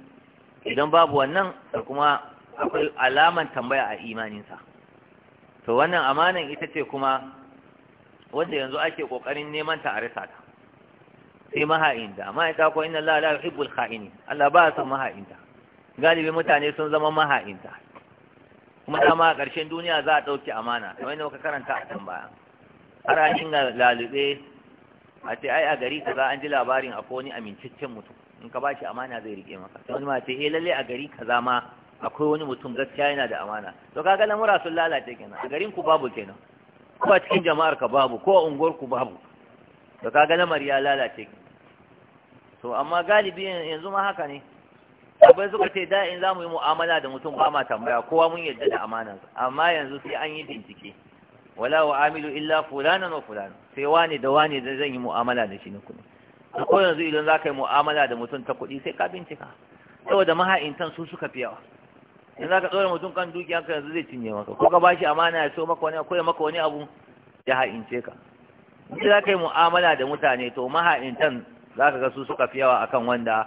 idan babu wannan da kuma akwai alaman tambaya a imaninsa to wannan amanan ita ce kuma wanda yanzu ake kokarin neman ta a rasa ta sai maha'inta amma ya tako inna Allah la yuhibbul kha'ini Allah ba san maha'inta galibi mutane sun zama maha'inta kuma dama a ƙarshen duniya za a ɗauki amana kamar yadda muka karanta a tambaya. har an dinga lalube a ce ai a gari kaza an ji labarin akwai wani amincaccen mutum in ka bashi amana zai rike maka sai wani ma ce eh lalle a gari ka ma akwai wani mutum gaskiya yana da amana to kaga lamura sun lalace kenan a garin ku babu kenan ko a cikin jama'ar ka babu ko a unguwar ku babu to kaga lamar ya lalace to amma galibi yanzu ma haka ne abai suka ce da in zamu yi mu'amala da mutum ba ma tambaya kowa mun yadda da amanansa amma yanzu sai an yi bincike wala wa amilu illa fulana wa fulana. sai wani da wani da zan yi mu'amala da shi na kuɗi ko yanzu idan za ka yi mu'amala da mutum ta kuɗi sai ka bincika saboda maha'intan su suka fi yawa in za ka tsora mutum kan dukiya ka yanzu zai cinye maka ko ka ba shi amana ya so maka wani ko ya maka wani abu ya ha'ince ka in za ka yi mu'amala da mutane to maha'intan za ka ga su suka fi yawa akan wanda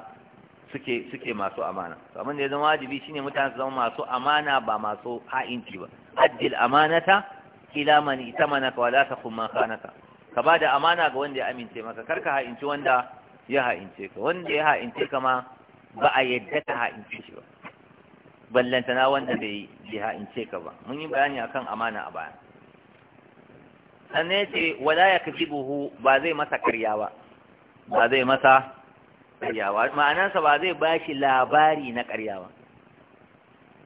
suke suke masu amana to abin da ya zama wajibi shine mutane su zama masu amana ba masu ha'inci ba addil amanata ila man ka wala ta kuma kanaka ka ba da amana ga wanda ya amince maka kar ka ha'inci wanda ya ha'ince ka wanda ya ha'ince ka ma ba a yadda ka ha'ince shi ba ballantana wanda bai ha'ince ka ba mun yi bayani akan amana a baya sannan ya ce wala ya kafi buhu ba zai masa karya ba ba zai masa karya ba ma'anansa ba zai ba shi labari na karya ba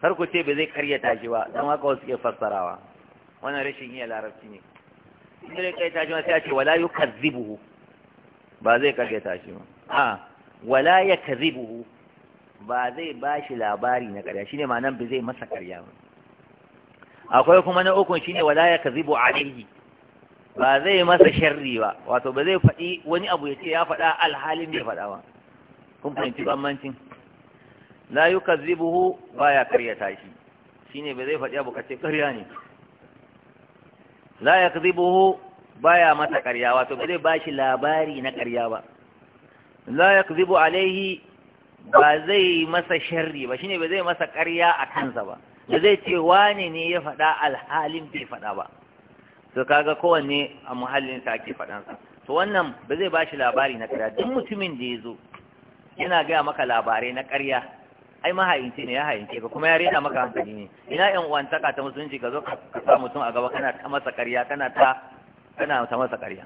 kar ku ce ba zai karyata shi ba don haka wasu ke fassarawa wannan rashin iya larabci ne in bai kai tashi ma sai a ce wala yukazzibuhu ba zai kage tashi ba a wala yakzibuhu ba zai bashi labari na karya shine ma'anar ba zai masa karya ba akwai kuma na ukun shine wala yakzibu alayhi ba zai masa sharri ba wato ba zai faɗi wani abu ya ce ya faɗa alhalin bai faɗa ba kun fahimci bambancin la ba ya karya shi shine ba zai faɗi abu kace karya ne la ba baya mata karya wato ba zai bashi labari na karya ba la yakdhibu alaihi ba zai masa sharri ba shine ba zai masa karya a kansa ba da zai ce wane ne ya faɗa alhalin bai faɗa ba to kaga kowanne a muhallin sa ake faɗansa to wannan ba zai bashi labari na karya. duk mutumin da ya zo yana gaya maka labarai na karya. ai mahayinci ne ya hayince ka kuma ya rena maka hankali ne ina yan uwantaka ta musulunci ka zo ka sa mutum a gaba kana ta masa ƙarya kana ta kana ta masa ƙarya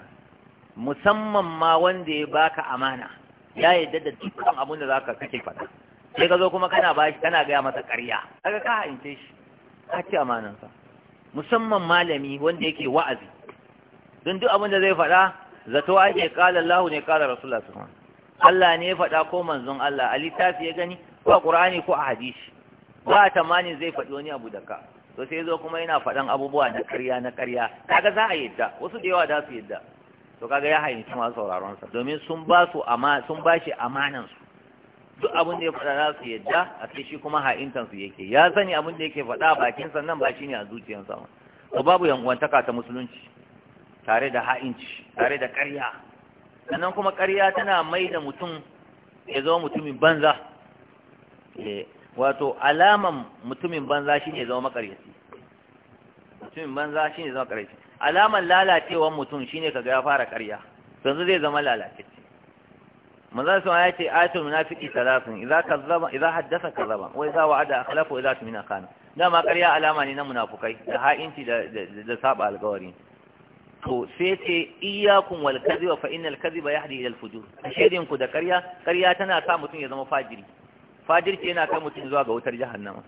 musamman ma wanda ya baka amana ya yadda da dukkan abin da zaka kake faɗa sai ka zo kuma kana shi kana gaya masa ƙarya kaga ka hayince shi ka ci sa. musamman malami wanda yake wa'azi don duk abin da zai faɗa zato ake kala Allah ne kala Rasulullah sallallahu alaihi wasallam Allah ne ya faɗa ko manzon Allah a littafi ya gani ko a ƙur'ani ko a hadisi ba tamanin zai faɗi wani abu da ka to sai zo kuma yana faɗan abubuwa na ƙarya na ƙarya kaga za a yadda wasu da yawa za su yadda to kaga ya hayanci masu sauraron sa domin sun ba su ama sun ba shi amanan su duk abin da ya faɗa za su yadda a sai shi kuma ha'intan su yake ya sani abin da yake faɗa a bakin sa nan ba shine a zuciyar sa to babu yankuwantaka ta musulunci tare da ha'inci tare da ƙarya sannan kuma ƙarya tana mai da mutum ya zama mutumin banza Eh, wato alaman mutumin banza shi ne zama makaryaci mutumin banza shi ne zama makaryaci alaman lalacewar mutum shi ne ga ya fara karya yanzu zai zama lalaceci manzan sama ya ce ayatul munafiki talatin idza ka idza haddasa za wa ada wa'ada akhlafa wa idza tumina kana dama karya alama ne na munafukai da ha'inci da saba alkawari to sai ce iyyakum wal kadhiba fa innal kadhiba yahdi ila al fujur ashedin ku da karya karya tana sa mutum ya zama fajiri fajirci yana kai mutum zuwa ga wutar jahannama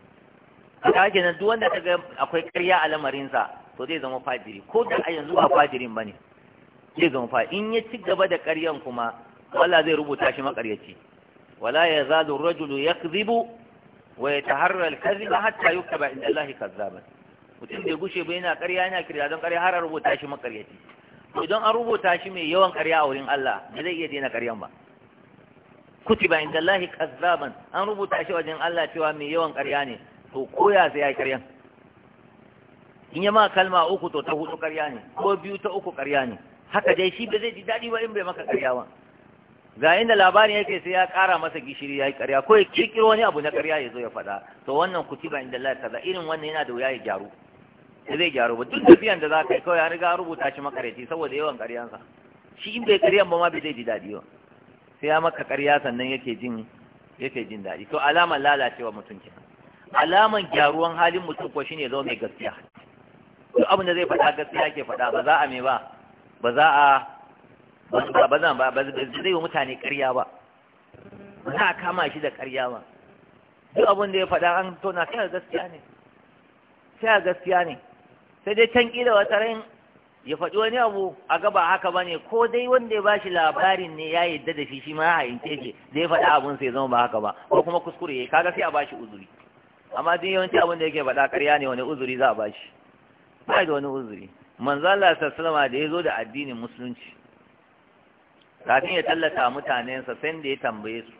ta nan duk wanda kaga akwai ƙarya a lamarinsa to zai zama fajiri ko da a yanzu ba fajirin ne zai zama fajiri in ya ci gaba da ƙaryan kuma wala zai rubuta shi maƙaryaci wala yazalu rajulu yakdhibu wa yataharra al hatta yuktaba inda Allah ba? mutum bai gushe ba yana ƙarya yana kirya don ƙarya har a rubuta shi maƙaryaci idan an rubuta shi mai yawan ƙarya a wurin Allah ba zai iya daina ƙaryan ba kutiba inda Allahi kazzaban an rubuta shi wajen Allah cewa mai yawan ƙarya ne to koya sai ya ƙaryan in ya ma kalma uku to ta hudu ƙarya ne ko biyu ta uku ƙarya ne haka dai shi ba zai ji daɗi ba in bai maka ƙarya ba ga inda labarin yake sai ya ƙara masa gishiri ya yi ƙarya ko ya kirkiro wani abu na ƙarya ya zo ya faɗa to wannan kutiba inda lahi kaza irin wannan yana da wuya ya gyaru ya zai gyaru ba duk tafiyan da za ka yi kawai an riga rubuta shi makareci saboda yawan ƙaryansa shi in bai ƙaryan ba ma bai zai ji daɗi ba sai ya maka ƙarya sannan yake jin yake jin daɗi to alaman lalacewa mutum ke alaman gyaruwan halin mutum ko shine zo mai gaskiya duk abin da zai faɗa gaskiya ke faɗa ba za a me ba ba za a ba za ba zai yi mutane ƙarya ba ba za a kama shi da ƙarya ba duk abin da ya faɗa an tona sai gaskiya ne sai gaskiya ne sai dai can ƙila wata rai ya faɗi wani abu a gaba haka ba ne ko dai wanda ya ba shi labarin ne ya yi da shi ma a ince ce zai faɗi abin sai zama ba haka ba ko kuma kuskure ya kaga sai a ba shi uzuri amma duk yawanci abin da yake faɗa ƙarya ne wani uzuri za a ba shi ba da wani uzuri manzo Allah da ya zo da addinin musulunci kafin ya tallata mutanensa sai da ya tambaye su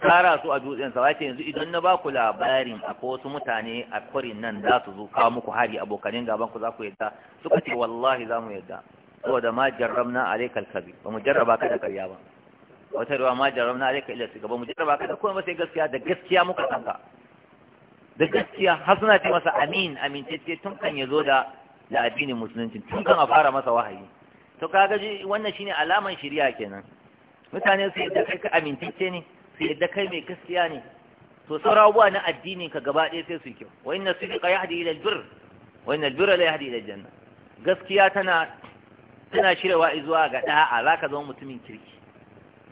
kara su a dutsen sa wace yanzu idan na baku labarin akwai wasu mutane a kwarin nan za su zo kawo muku hari abokanin gaban ku za ku yadda suka ce wallahi za mu yadda saboda ma jarrabna alaika alkazi ba mu jarraba ka da karya ba wata ruwa ma jarrabna alaika illa su gaba mu jarraba ka da kuma sai gaskiya da gaskiya muka tanka da gaskiya har suna ce masa amin ce tun kan ya zo da da addinin musulunci tun kan a fara masa wahayi to kaga wannan shine alaman shari'a kenan mutane su yadda kai ka amintacce ne su da kai mai gaskiya ne to saura abubuwa na addinin ka gaba ɗaya sai su yi kyau wa inna sidqa yahdi ila albir wa inna albirra la yahdi ila aljanna gaskiya tana tana shirewa zuwa ga da'a zaka zama mutumin kirki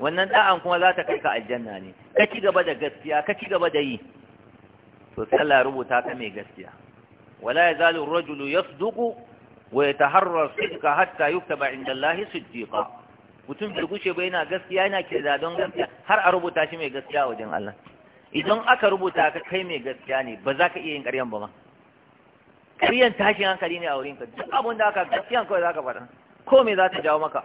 wannan da'an kuma za ta kai ka aljanna ne ka ci gaba da gaskiya ka ci gaba da yi to sai Allah rubuta ka mai gaskiya wala yazalu ar-rajulu yasduqu wa yataharra sidqa hatta yuktaba inda Allah siddiqa mutum bai gushe ba yana gaskiya yana kirda don gaskiya har a rubuta shi mai gaskiya a wajen Allah idan aka rubuta ka kai mai gaskiya ne ba za ka iya yin ƙaryan ba ma ƙaryan tashin hankali ne a wurin ka duk abin da aka gaskiya kawai za ka faɗa ko me za ta jawo maka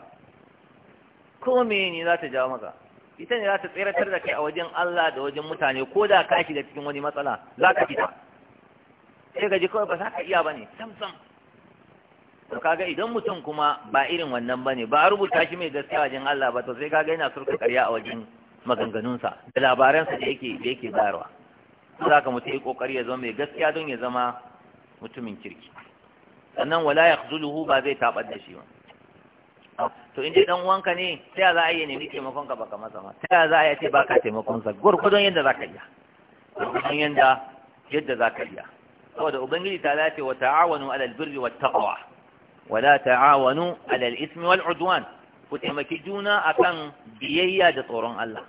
ko me ne za ta jawo maka ita ne za ta tseratar da kai a wajen Allah da wajen mutane ko da ka shiga cikin wani matsala za ka fita sai ka ji kawai ba za ka iya ba ne sam sam to kaga idan mutum kuma ba irin wannan bane ba a rubuta shi mai gaskiya wajen Allah ba to sai kaga yana surka karya a wajen maganganunsa da sa da yake da yake bayarwa za ka mutum yi kokari ya zama mai gaskiya don ya zama mutumin kirki sannan wala yakhzuluhu ba zai tabar da shi ba to in dai dan uwanka ne sai za a yi nemi makon ka baka masa ma sai za a yi ce baka taimakon sa gurgudun yadda zaka iya gurgudun yadda yadda zaka yi saboda ubangiji ta dace wa ta'awanu alal birri wat taqwa wala ta'awanu ala al-ithmi wal udwan ku taimaki juna akan biyayya da tsoron Allah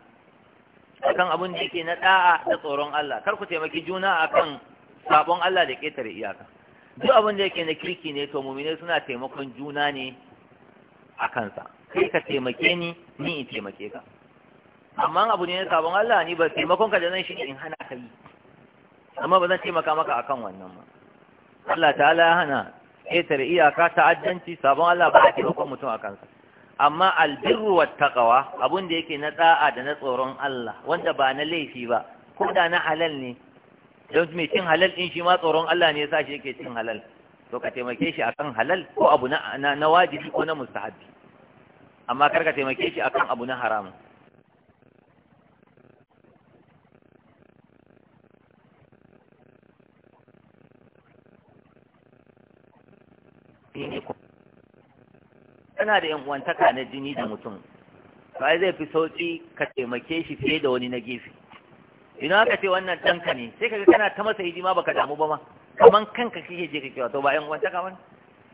akan abin da yake na ɗa'a da tsoron Allah kar ku taimaki juna akan sabon Allah da ƙetare iyaka duk abin da yake na kirki ne to mu'mine suna taimakon juna ne a kansa kai ka taimake ni ni in taimake ka amma abu ne na sabon Allah ni ba taimakon ka da nan shi in hana ka yi amma ba zan taimaka maka akan wannan ba Allah ta'ala ya hana ƙetare iyaka ta'addanci sabon Allah ba a taimakon mutum a kansa amma albirru wa taqwa abun da yake na sa'a da na tsoron Allah wanda ba na laifi ba ko da na halal ne don mai cin halal in shi ma tsoron Allah ne ya sa shi yake cin halal to ka taimake shi kan halal ko abu na wajibi ko na mustahabi amma kar ka taimake shi akan abu na haramun. ne ku tana da yan uwantaka na jini da mutum sai zai fi sauki ka taimake shi fiye da wani na gefe ina ka ce wannan danka ne sai kaga kana ta masa hidima baka damu ba ma kaman kanka kake je kake wato ba yan uwantaka ba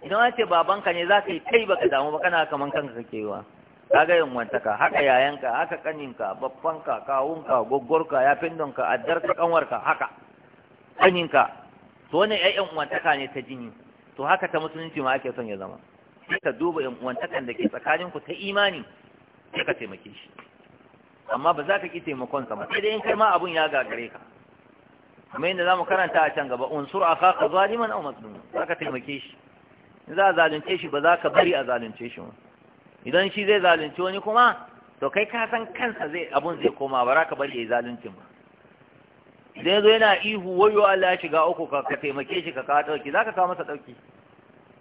Ina ka ce babanka ne za ka yi kai baka damu ba kana kaman kanka kake yiwa kaga yan uwantaka haka yayanka haka kaninka babbanka kawunka goggorka yafindonka addarka kanwarka haka kaninka to wannan ƴaƴan uwantaka ne ta jini to haka ta musulunci ma ake son ya zama sai ka duba yan uwantakan da ke tsakanin ku ta imani sai ka taimake shi amma ba za ka ki taimakon sa ba sai dai in kai ma abun ya gagare ka kamar yadda zamu karanta a can gaba unsur akhaka zaliman aw mazlum za ka taimake shi in za a zalunce shi ba za ka bari a zalunce shi ba idan shi zai zalunci wani kuma to kai ka san kansa zai abun zai koma ba za ka bari ya yi zaluncin ba idan yazo yana ihu wayo Allah ya shiga uku ka taimake shi ka kawo dauki zaka ka masa dauki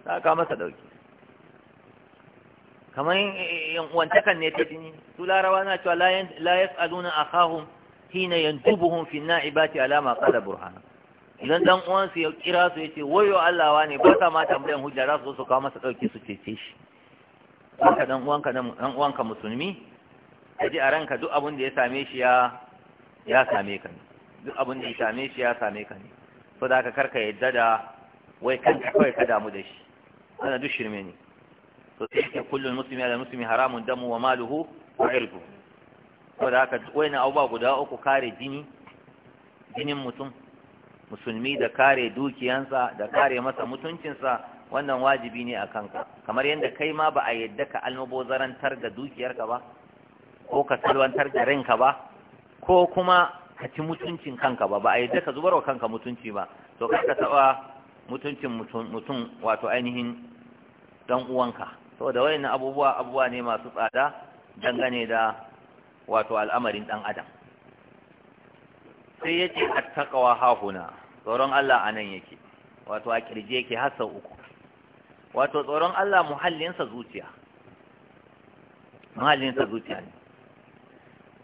zaka kawo masa dauki kamar yan uwantakan ne ta jini su larawa na cewa la yas'aluna akahum hina yantubuhum fi na'ibati alama qala burhana idan dan uwansu ya kira su yace wayo Allah wa ne ba sa ma tambayan hujja za su zo su kawo masa dauki su cece shi haka dan uwanka dan ka musulmi kaji a ranka duk abin da ya same shi ya ya same ka ne duk abin da ya same shi ya same ka ne so da aka karka yadda da wai kanka kawai ka damu da shi ana duk shirme ne to sai yake kullum musulmi ala musulmi haramun damu wa maluhu wa irgu so da aka wai na abubuwa guda uku kare jini jinin mutum musulmi da kare dukiyansa da kare masa mutuncinsa wannan wajibi ne a kanka kamar yadda kai ma ba a yadda ka almubozarantar da dukiyarka ba ko ka salwantar da ranka ba ko kuma ka ci mutuncin kanka ba ba a yadda ka zubar wa kanka mutunci ba to kar ka taɓa mutuncin mutum wato ainihin dan uwanka saboda wayannan abubuwa abubuwa ne masu tsada dangane da wato al'amarin dan adam sai a taƙawa hahuna tsoron Allah a nan yake wato a ƙirji yake har sau uku wato tsoron Allah muhallinsa zuciya muhallinsa zuciya ne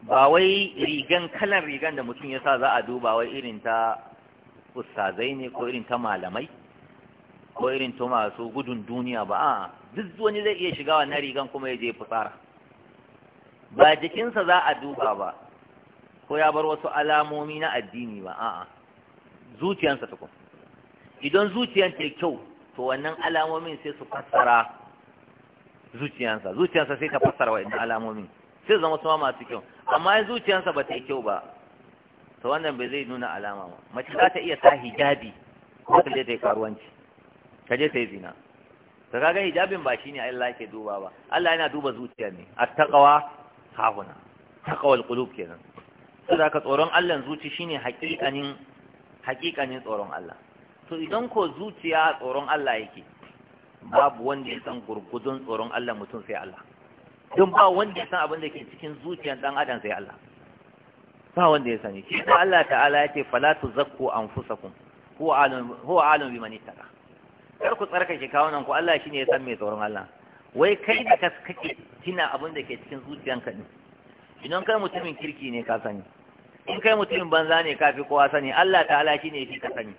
ba wai rigan kalan rigan da mutum ya sa za a duba wai irin ta ustazai ne ko irin ta malamai ko irin ta masu gudun duniya ba a duk wani zai iya shiga wannan rigan kuma ya je fitsara ba jikinsa za a duba ba ko ya bar wasu alamomi na addini ba a'a zuciyansa tukun idan zuciyan ta kyau to wannan alamomin sai su fassara zuciyansa zuciyansa sai ta fassara wa'annan alamomin sai zama suma masu kyau amma zuciyarsa ba ta yi kyau ba to wannan bai zai nuna alama ba mace za ta iya sa hijabi ko ta je ta yi karuwanci ta je ta yi zina ga kaga hijabin ba shine Allah ke duba ba Allah yana duba zuciya ne at-taqwa hahuna taqwal qulub kenan da ka tsoron Allah zuci shine haƙiƙanin haƙiƙanin tsoron Allah to idan ko zuciya tsoron Allah yake babu wanda ya san gurgudun tsoron Allah mutum sai Allah don ba wanda ya san abin da ke cikin zuciyar dan adam sai Allah ba wanda ya sani shi da Allah ta'ala ya ce fala tuzakku anfusakum huwa alim huwa alim biman ittaka kar ku kawo nan ku Allah shine ya san mai tsoron Allah wai kai da kas kake tina abin da ke cikin zuciyanka ne idan kai mutumin kirki ne ka sani in kai mutumin banza ne ka fi kowa sani Allah ta'ala shine ya fi ka sani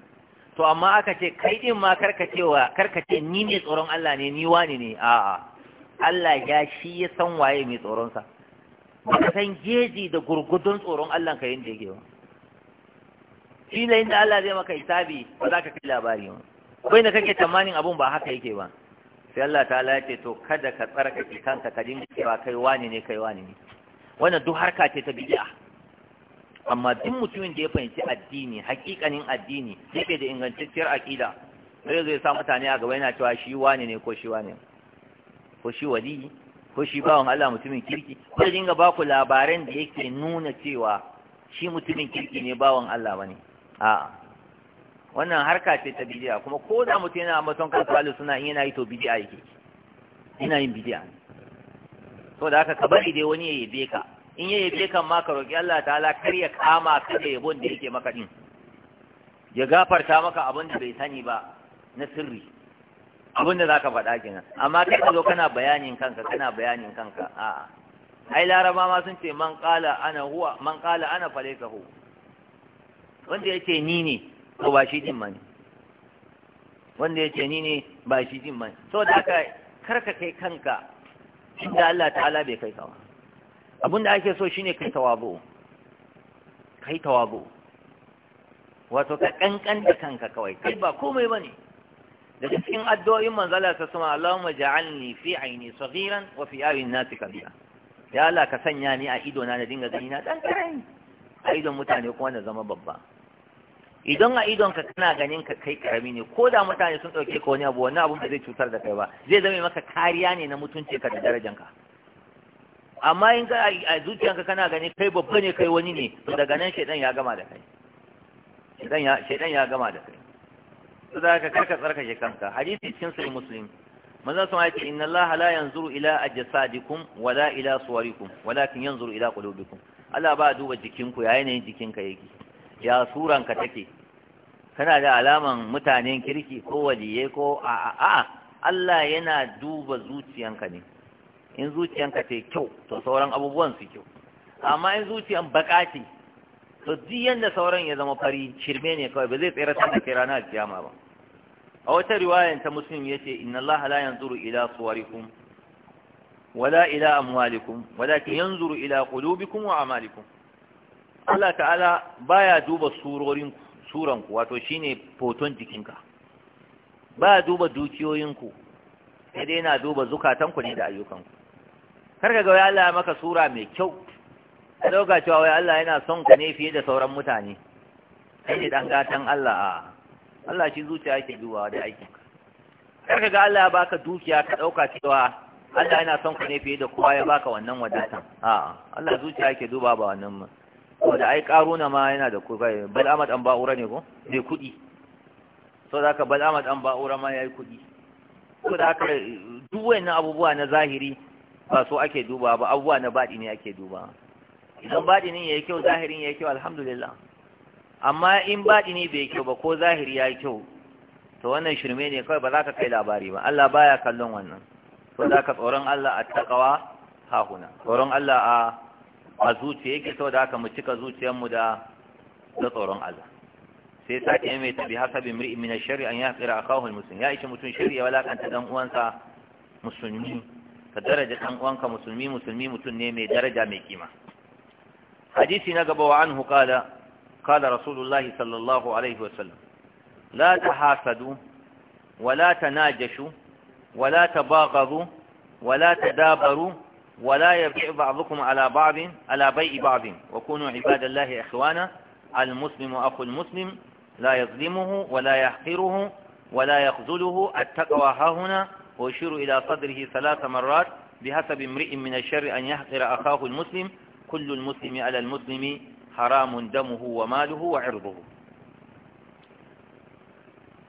to amma aka ce kai din ma karkacewa karkace ni ne tsoron Allah ne ni wani ne a'a Allah ya shi ya san waye mai tsoronsa ba ka san geji da gurgudun tsoron Allah ka yin da yake ba shi ne inda Allah zai maka hisabi ba za ka kai labari ba kai da kake tamanin abun ba haka yake ba sai Allah ta ya ce to kada ka tsarkake kanka ka dinga cewa kai wani ne kai wani ne wannan duk harka ce ta bid'a amma duk mutumin da ya fahimci addini hakikanin addini yake da ingantacciyar aqida sai zai sa mutane a gaba yana cewa shi wani ne ko shi wani ne ko shi waliyi ko shi bawan Allah mutumin kirki ko dinga ba ku labaran da yake nuna cewa shi mutumin kirki ne bawan Allah bane a wannan harka ce ta bid'a kuma ko da mutum yana su kansa suna in yana yi to bid'a yake ina yin bid'a to da haka ka bari dai wani ya yabe ka in ya yabe ka ma ka roki Allah ta'ala kar ya kama ka da yabon da yake maka din ya gafarta maka abin da bai sani ba na sirri abin da ka faɗa kenan amma kai ka zo kana bayanin kanka kana bayanin kanka a'a ai laraba ma sun ce man qala ana huwa man qala ana falaysa hu wanda yace ni ne to ba shi din mani wanda yace ni ne ba shi din mani saboda haka karka kai kanka inda Allah ta'ala bai kai ka ba abin da ake so shine kai tawabu kai tawabu wato ka kankan da kanka kawai kai ba komai bane daga cikin addu'o'in manzala ta sama Allahumma ja'alni fi aini saghiran wa fi a'yun nasi kabira ya Allah ka sanya ni a ido na da dinga gani na dan karami a idon mutane kuma na zama babba idan a idon ka kana ganin ka kai karami ne ko da mutane sun dauke ka wani abu wani abu da zai cutar da kai ba zai zame maka kariya ne na mutunci ka da darajar ka amma in ka a zuciyanka kana gani kai babba ne kai wani ne to daga nan shedan ya gama da kai shedan ya shedan ya gama da kai su da ka karka tsarkake kanka hadisi cikin sahih muslim manzon sun ce inna Allah la yanzuru ila ajsadikum wala ila suwarikum walakin yanzuru ila qulubikum Allah ba duba jikinku ya yanayin jikinka yake ya suranka take kana da alaman mutanen kirki ko waliye ko a a Allah yana duba zuciyanka ne in zuciyanka ta kyau to sauran abubuwan su kyau amma in zuciyan baka ce to duk yanda sauran ya zama fari shirme ne kawai ba zai tsira ta kai ranar kiyama ba a wata riwayan ta muslim yace inna allaha la yanzuru ila suwarikum wala ila amwalikum walakin yanzuru ila qulubikum wa amalikum Allah ta'ala baya duba surorin suranku wato shine foton jikinka baya duba dukiyoyinku sai dai yana duba ku ne da ayyukanku kar ka ga ya Allah maka sura mai kyau ka ɗauka cewa wai Allah yana son ka ne fiye da sauran mutane kai ne dan gatan Allah a Allah shi zuciya yake duwa da aiki. ka kar ka ga Allah ya baka dukiya ka dauka cewa Allah yana son ka ne fiye da kowa ya baka wannan wadatan a Allah zuciya yake duba ba wannan ko da ai karuna ma yana da kuɗi bal amad an ba'ura ne ko ne kuɗi so da ka bal amad an ba'ura ma yayi kuɗi ko da ka eh, duk wayannan abubuwa na zahiri ba so ake duba ba abubuwa na baɗi ne ake duba idan ne ya yi kyau zahirin ya yi kyau alhamdulillah amma in baɗi ne bai kyau ba ko zahiri ya yi kyau to wannan shirme ne kawai ba za ka kai labari ba Allah baya kallon wannan to za ka tsoron Allah a taƙawa hahuna tsoron Allah a a zuciya yake saboda haka mu cika zuciyarmu da da tsoron Allah sai sake mai tabi haka bi mri'in min ash-sharri an yaqira akahu al-muslim ya ishi mutun wala ya ta dan uwansa musulmi ka daraja dan uwanka musulmi musulmi mutun ne mai daraja mai kima حديث نقب عنه قال قال رسول الله صلى الله عليه وسلم لا تحاسدوا ولا تناجشوا ولا تباغضوا ولا تدابروا ولا يبيع بعضكم على بعض على بيع بعض وكونوا عباد الله إخوانا المسلم أخو المسلم لا يظلمه ولا يحقره ولا يخذله التقوى هنا ويشير إلى صدره ثلاث مرات بحسب امرئ من الشر أن يحقر أخاه المسلم كل المسلم على المسلم حرام دمه وماله وعرضه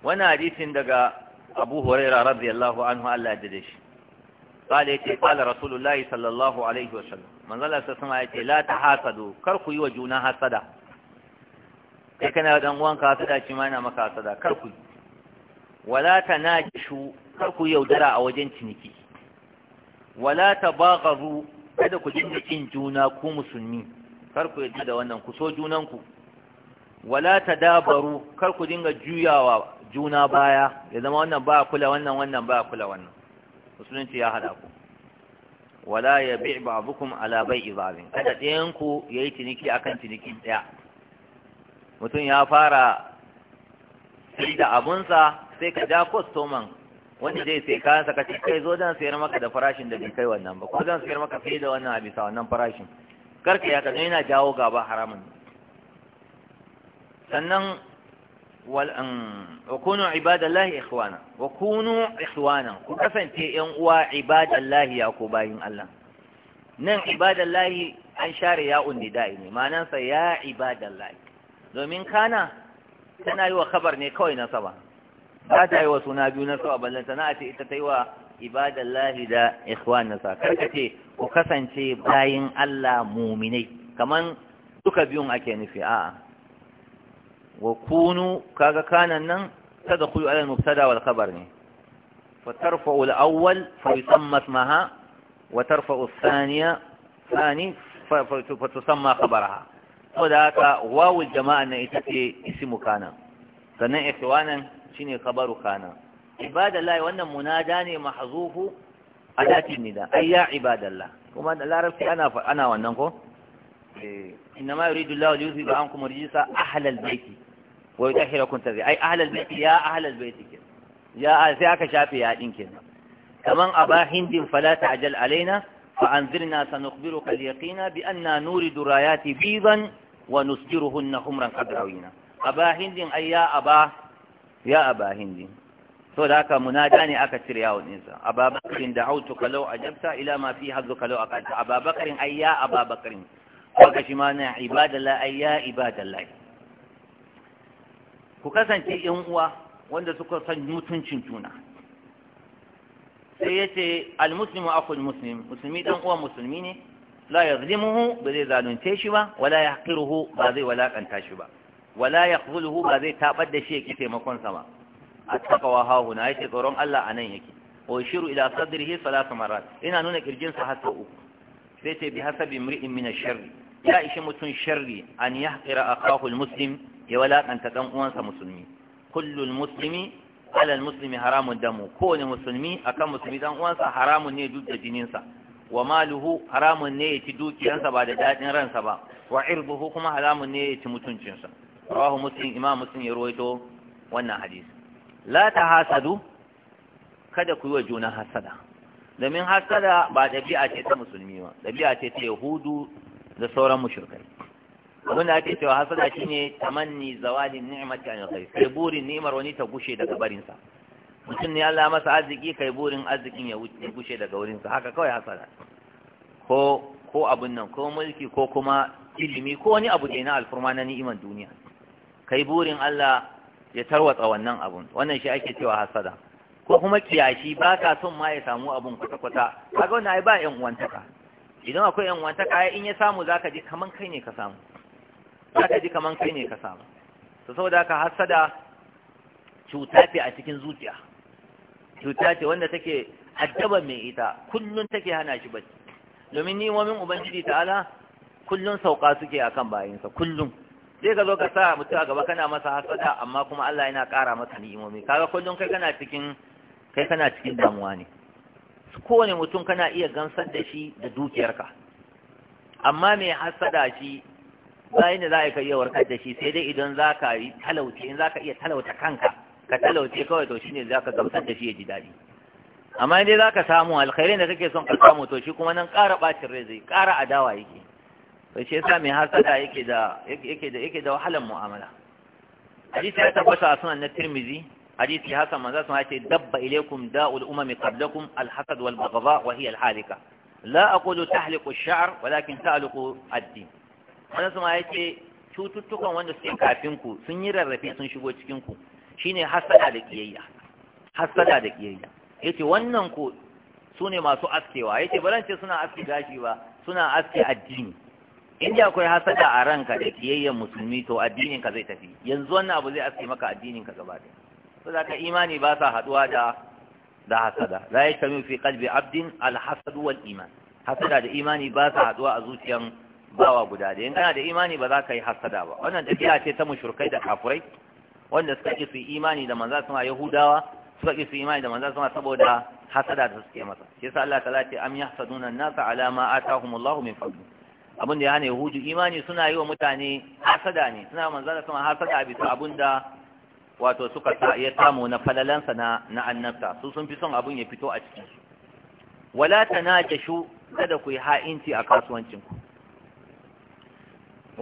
وانا حديث دقى أبو هريرة رضي الله عنه ألا يددش قال يتي قال رسول الله صلى الله عليه وسلم من ظل أساسما يتي لا تحاسدوا كركوا يوجونا حسدا كان يدن وان كاسدا شمانا مكاسدا كركوا ولا تناجشوا كركوا يودرا أوجين تنكي ولا تباغضوا kada ku dinga kin juna ku musulmi kar ku yadda da wannan ku so junanku wala tadabaru kar ku dinga juyawa juna baya ya zama wannan ba kula wannan wannan ba kula wannan musulunci ya hada ku wala yabi ba'dukum ala bai'i ba'din kada ɗayan ku yayi ciniki akan cinikin ɗaya mutum ya fara sai da abunsa sai ka ja kostoman wanda zai sai kayan saka ce kai zo zan sayar maka da farashin da bai kai wannan ba ko zan sayar maka fiye da wannan a bisa wannan farashin karka ya kaga yana jawo gaba haramun sannan wal an um, wa kunu ibadallahi ikhwana wa kunu ikhwana ku kasance yan uwa ibadallahi ya ko bayin Allah nan ibadallahi an share ya da'i ne ma'anansa ya ibadallahi domin kana tana yi wa khabar ne kawai na sabar ba ta yi wa suna biyu na sawa ballanta na ce ita ta yi wa ibadan lahi da ikhwan nasa ka ce ku kasance bayin Allah muminai kaman duka biyun ake nufi a'a wa kunu kaga kanan nan da kuyi alal mubtada wal khabar ne fa tarfa'u al-awwal fa yusamma ismaha wa tarfa'u thaniya thani fa tusamma khabaraha saboda haka wawul jama'a na ita ce ismu kanan sannan ikhwanan shine khabaru kana ibadallahi wannan munada ne mahzufu adatin nida ay ya ibadallah kuma da larabci ana ana wannan ko eh, inna ma yuridu Allahu li yuzhiba ankum rijsa ahla albayt wa yutahhirakum tadhi ay ahla albayt ya ahla albayt ya sai aka shafe ya din kenan kaman aba hindin fala ta'jal alaina فأنذرنا سنخبرك bi بأننا نورد رايات بيضا ونسجرهن حمرا قد روينا aba hindin ai ya aba ya aba hindin so da haka munada ne aka cire yawon ɗinsa ababakarin da hautu kalau a jabta ila ma fi hazu kalau a kanta ababakarin ai ya ababakarin haka shi ma na ibadallah ai ya ibadallah ku kasance yan uwa wanda suka san mutuncin juna sai ya ce almuslimu akwai muslim musulmi dan uwa musulmi ne la yazlimuhu ba zai zalunce shi ba wala ya yahqiruhu ba zai walakanta shi ba wala yakhzuluhu ba zai tabar da shi yake taimakon makonsa ba attaqwa ha ya ce tsoron Allah anan yake wa shiru ila sadrihi salasa marat ina nuna kirjin har har uku sai ce bi hasabi imri'in min ash ya ishi mutun sharri an yahqira akahu al-muslim ya walakanta dan uwansa musulmi kullu muslimi ala al-muslimi haramun damu kowane musulmi akan musulmi dan uwansa haramun ne duk da jininsa wa maluhu haramun ne ya ci dukiyansa ba da dadin ransa ba wa irbuhu kuma haramun ne ya ci mutuncinsa rawahu muslim imam muslim ya ruwaito wannan hadisi la tahasadu kada ku yi wa juna hasada domin hasada ba ɗabi'a ce ta musulmi ba ɗabi'a ce ta yahudu da sauran mushrikai abin da ake cewa hasada shine tamanni zawalin ni'mati an ghayr sai burin ni'mar wani ta gushe daga barinsa mutum ne Allah masa arziki kai burin arzikin ya gushe daga wurinsa haka kawai hasada ko ko abin nan ko mulki ko kuma ilimi ko wani abu da na alfurma na ni'imar duniya kai burin Allah ya tarwatsa wannan abun wannan shi ake cewa hasada ko kuma kiyashi ba ka son ma ya samu abun kwata-kwata kaga wannan ai ba yan uwantaka idan akwai yan uwantaka in ya samu zaka ji kaman kai ne ka samu zaka ji kaman kai ne ka samu to saboda haka hasada cuta ce a cikin zuciya cuta ce wanda take addaba mai ita kullun take hana shi bacci domin ni min ubangiji ta'ala kullun sauka suke akan bayinsa kullun sai ka zo ka sa mutu a gaba kana masa hasada amma kuma Allah yana ƙara masa ni'imomi kaga kullum kai kana cikin kai kana cikin damuwa ne kowane mutum kana iya gansar da shi da dukiyarka amma mai hasada shi bayan da za ka iya warkar da shi sai dai idan za ka yi talauce in za ka iya talauta kanka ka talauce kawai to shine za ka gamsar da shi ya ji daɗi amma yadda za ka samu alkhairin da kake son ka samu to shi kuma nan ƙara ɓacin rai zai ƙara adawa yake sai shi yasa mai hasada yake da yake wahalan mu'amala hadisi ya tabbata a sunan na Tirmidhi hadisi hasan manzo sun ce dabba ilaykum da'ul umami qablakum al-hasad wal baghdha wa hiya al-halika la aqulu tahliqu ash-sha'r walakin ta'liqu ad-din manzo sun ce cututtukan wanda suke kafin ku sun yi rarrafe sun shigo cikin ku shine hasada da kiyayya hasada da kiyayya yace wannan ku sune masu askewa yace barance suna aske gashi ba suna aske addini inda akwai hasada a ranka da kiyayyen musulmi to addinin ka zai tafi yanzu wannan abu zai aske maka addinin ka gaba ɗaya to zaka imani ba sa haduwa da da hasada la yashmi fi qalbi abdin al wal iman hasada da imani ba sa haduwa a zuciyan bawa guda da in kana da imani ba za ka yi hasada ba wannan tafiya ce ta mushrikai da kafurai wanda suka ƙi su imani da manza sama yahudawa suka ƙi su imani da manza sama saboda hasada da suke masa shi yasa Allah ta ce am yahsaduna an-nasa ala ma atahumullahu min fadli abin da ya hana yahudu imani suna yi wa mutane hasada ne suna manzara sama hasada bisa abin da wato suka ya samu na falalansa na na annabta su sun fi son abin ya fito a cikin su wala tanajashu kada ku yi ha'inci a kasuwancin ku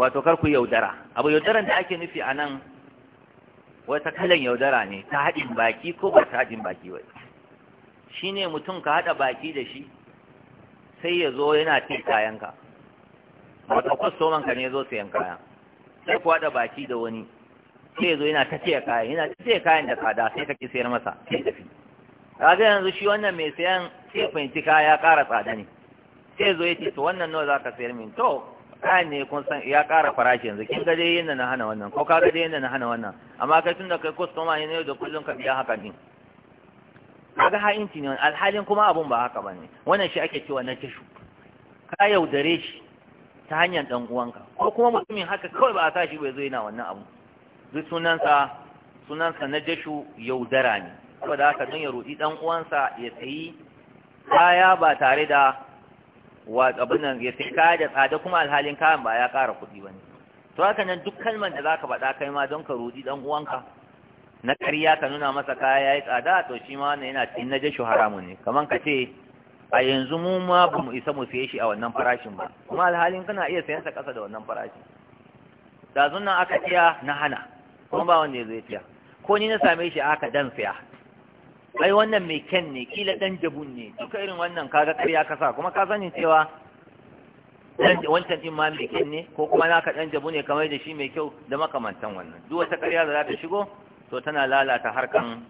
wato kar ku yaudara abu yaudaran da ake nufi anan wata kalan yaudara ne ta haɗin baki ko ba ta haɗin baki ba shine mutum ka haɗa baki da shi sai ya zo yana cin kayanka wato kwastoman ka ne zo sayan kaya sai kuwa da baki da wani sai zo yana ta ce kayan yana ta ce kayan da tsada sai ka ki sayar masa sai tafi kaga yanzu shi wannan mai sayan sai fahimci kaya ya ƙara tsada ne sai zo ya ce to wannan nawa za ka sayar min to kayan ne kun san ya ƙara farashi yanzu kin ga dai da na hana wannan ko ka ga dai da na hana wannan amma kai tun da kai kwastoma ne yau da kullum ka biya haka ne kaga ha'inci ne alhalin kuma abun ba haka ba ne. wannan shi ake cewa na kishu ka yaudare shi ta hanyar dan uwanka ko kuma mutumin haka kawai ba a sa shi bai zo yana wannan abu zai sunansa sunansa na jashu yaudara ne da haka don ya roƙi dan uwansa ya sayi kaya ba tare da wa abin ya sayi kaya da tsada kuma alhalin kayan ba ya ƙara kuɗi ba ne to haka nan duk kalman da zaka faɗa kai ma don ka roƙi dan uwanka na ƙarya ka nuna masa kaya ya yi tsada to shi ma wannan yana cikin na jashu haramun ne kaman ka ce a yanzu mu ma ba mu isa mu siye shi a wannan farashin ba kuma alhalin kana iya sayansa ƙasa da wannan farashin da zunan aka tiya na hana kuma ba wanda ya zai tiya ko ni na same shi aka dan siya ai wannan mai kyan ne kila dan jabun ne duka irin wannan kaga ƙarya kasa kuma ka sani cewa wancan din ma mai ken ne ko kuma naka dan jabu ne kamar da shi mai kyau da makamantan wannan duk wata ƙarya da za ta shigo to tana lalata harkan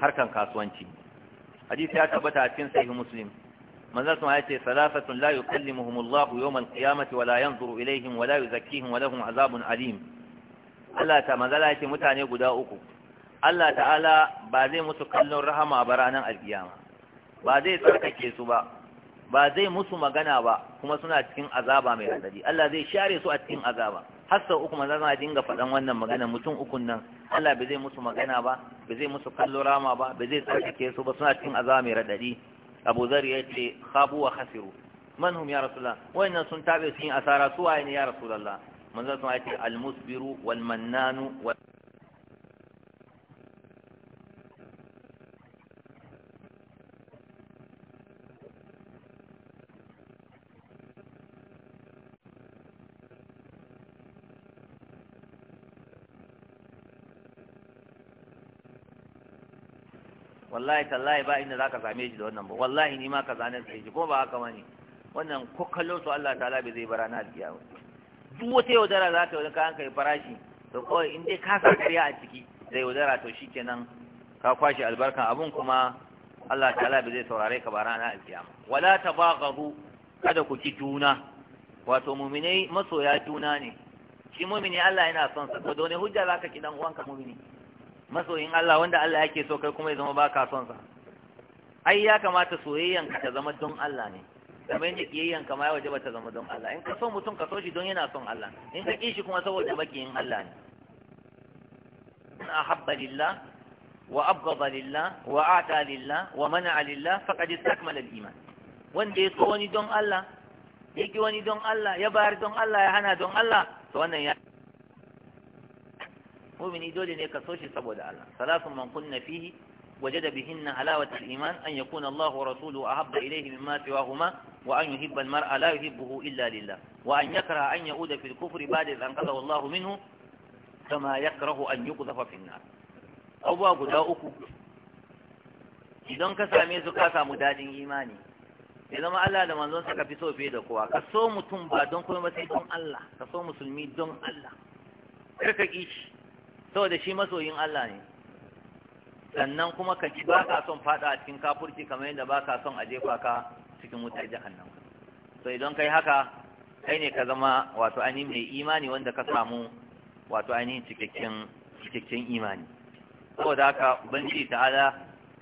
harkan kasuwanci hadisi ya tabbata a cikin sahih muslim manzon sama yace salasatun la yukallimuhum Allah yawm al-qiyamati wa la yanzuru ilayhim wa la yuzakkihim wa azabun alim Allah ta mutane guda uku Allah ta'ala ba zai musu kallon rahama ba ranar ba zai ba ba zai musu magana ba kuma suna cikin azaba mai hadari Allah zai share su a cikin azaba har sau uku manzon sama dinga faɗan wannan magana mutum ukun nan Allah bai zai musu magana ba bai zai musu kallon rahama ba bai zai tsarkake su ba suna cikin azaba mai radadi abu zar ya ce khabu wa man hum ya rasulullah wayannan sun taɓa sun asara su waye ne ya rasulullah manzo sun ce al musbiru wal mannanu wal wallahi tallahi ba inda zaka same shi da wannan ba wallahi ni ma kaza ne sai shi ko ba haka bane wannan ko kallon to Allah ta'ala bai zai bara na alkiyama duk wata yaudara za ta yi kayan kai farashi to kawai in dai ka sa karya a ciki zai yaudara to shikenan ka kwashe albarkan abun kuma Allah ta'ala bai zai saurare ka bara na alkiyama wala tabaghu kada ku ci juna wato mu'minai masoya juna ne shi mu'mini Allah yana son sa to da wani hujja zaka ki dan uwanka mu'mini masoyin Allah wanda Allah yake so kai kuma ya zama baka son sa ai ya kamata soyayyanka ta zama don Allah ne kamar yadda kiyayyanka ma ya waje ba ta zama don Allah in ka so mutum ka so shi don yana son Allah in ka kishi shi kuma saboda makiyin Allah ne ahabba lillah wa abghada lillah wa ata lillah wa mana'a lillah faqad istakmala al-iman wanda ya so wani don Allah yake wani don Allah ya bayar don Allah ya hana don Allah to wannan ya mu'mini dole ne ka so shi saboda Allah salasun man kunna fihi وجد Wa حلاوة الإيمان أن يكون الله ورسوله أحب إليه مما سواهما وأن يحب المرأة لا يحبه إلا لله وأن يكره أن يعود في الكفر بعد إذ أنقذه الله منه كما يكره أن يقذف في النار guda uku. idan ka same su ka samu dadin imani ya zama Allah da manzonsa ka fi so fiye da kowa ka so mutum ba don kuma sai don Allah ka so musulmi don Allah kar ka kishi saboda shi masoyin Allah ne sannan kuma ka ji ba ka son fada a cikin kafurci kamar yadda ba ka son a jefa ka cikin wutar jahannam so idan kai haka kai ne ka zama wato ainihin mai imani wanda ka samu wato ainihin cikakken imani saboda haka ubangiji ta'ala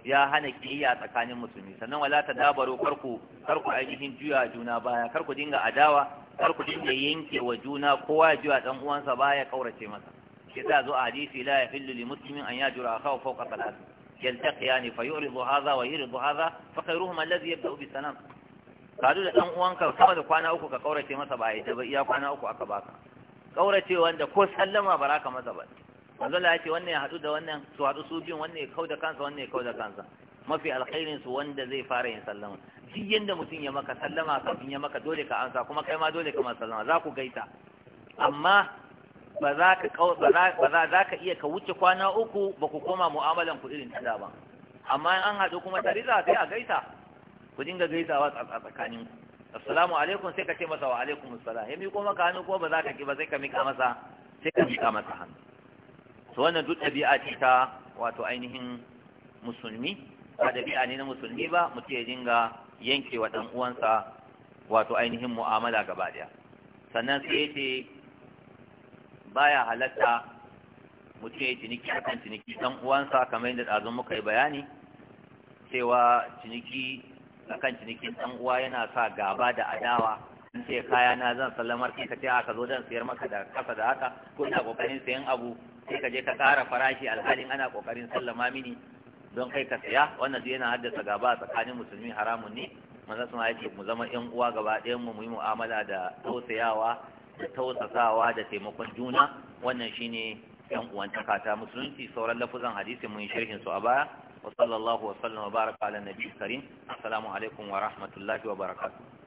ya hana kiyayya tsakanin musulmi sannan wala ta dabaro karku karku ainihin juya juna baya karku dinga adawa karku dinga yanke wa juna kowa juya dan uwansa baya kaurace masa zo a ya كذا ذو حديث لا يحل لمسلم أن يجر أخاه فوق ثلاث يلتقيان فيعرض هذا ويعرض هذا فخيرهما الذي يبدأ بالسلام قالوا da ɗan uwanka sama da kwana uku ka kaurace masa ba ita ba iya kwana uku aka baka kaurace wanda ko sallama ba ka masa ba manzo Allah ya ce wannan ya haɗu da wannan su haɗu su biyun wannan ya kauda kansa wannan ya kauda kansa mafi alkhairin su wanda zai fara yin sallama shi yanda mutum ya maka sallama kafin ya maka dole ka ansa kuma kai ma dole ka masa sallama za ku gaita amma ba za ka za ka iya ka wuce kwana uku ba ku koma mu'amalan ku irin tada ba amma an haɗu kuma tare za a gaisa ku dinga gaisawa wa tsakanin assalamu alaikum sai ka ce masa wa alaikum assalam ya miƙo maka hannu ko ba za ka ki ba sai ka miƙa masa sai ka miƙa masa hannu to wannan duk ɗabi'a ce ta wato ainihin musulmi ba ɗabi'a ne na musulmi ba mutum ya dinga yanke wa ɗan uwansa wato ainihin mu'amala gaba ɗaya sannan sai ya ce baya halatta mutum ya ciniki akan ciniki ɗan uwansa kamar yadda ɗazun muka yi bayani cewa ciniki akan cinikin ɗan uwa yana sa gaba da adawa in ce kaya na zan sallamar kai ka ce aka zo zan siyar maka da kasa da haka ko ina kokarin sayan abu sai ka je ka ƙara farashi alhalin ana kokarin sallama mini don kai ka saya wannan zai yana haddasa gaba a tsakanin musulmi haramun ne manzon suna yake mu zama yan uwa gaba ɗayan mu mu yi mu'amala da tausayawa da tausasawa da taimakon juna wannan shine yan uwantaka ta musulunci sauran lafuzan hadisi mun sharhin su a baya wa sallallahu wa sallama baraka ala nabiyyi karim assalamu alaikum wa rahmatullahi wa barakatuh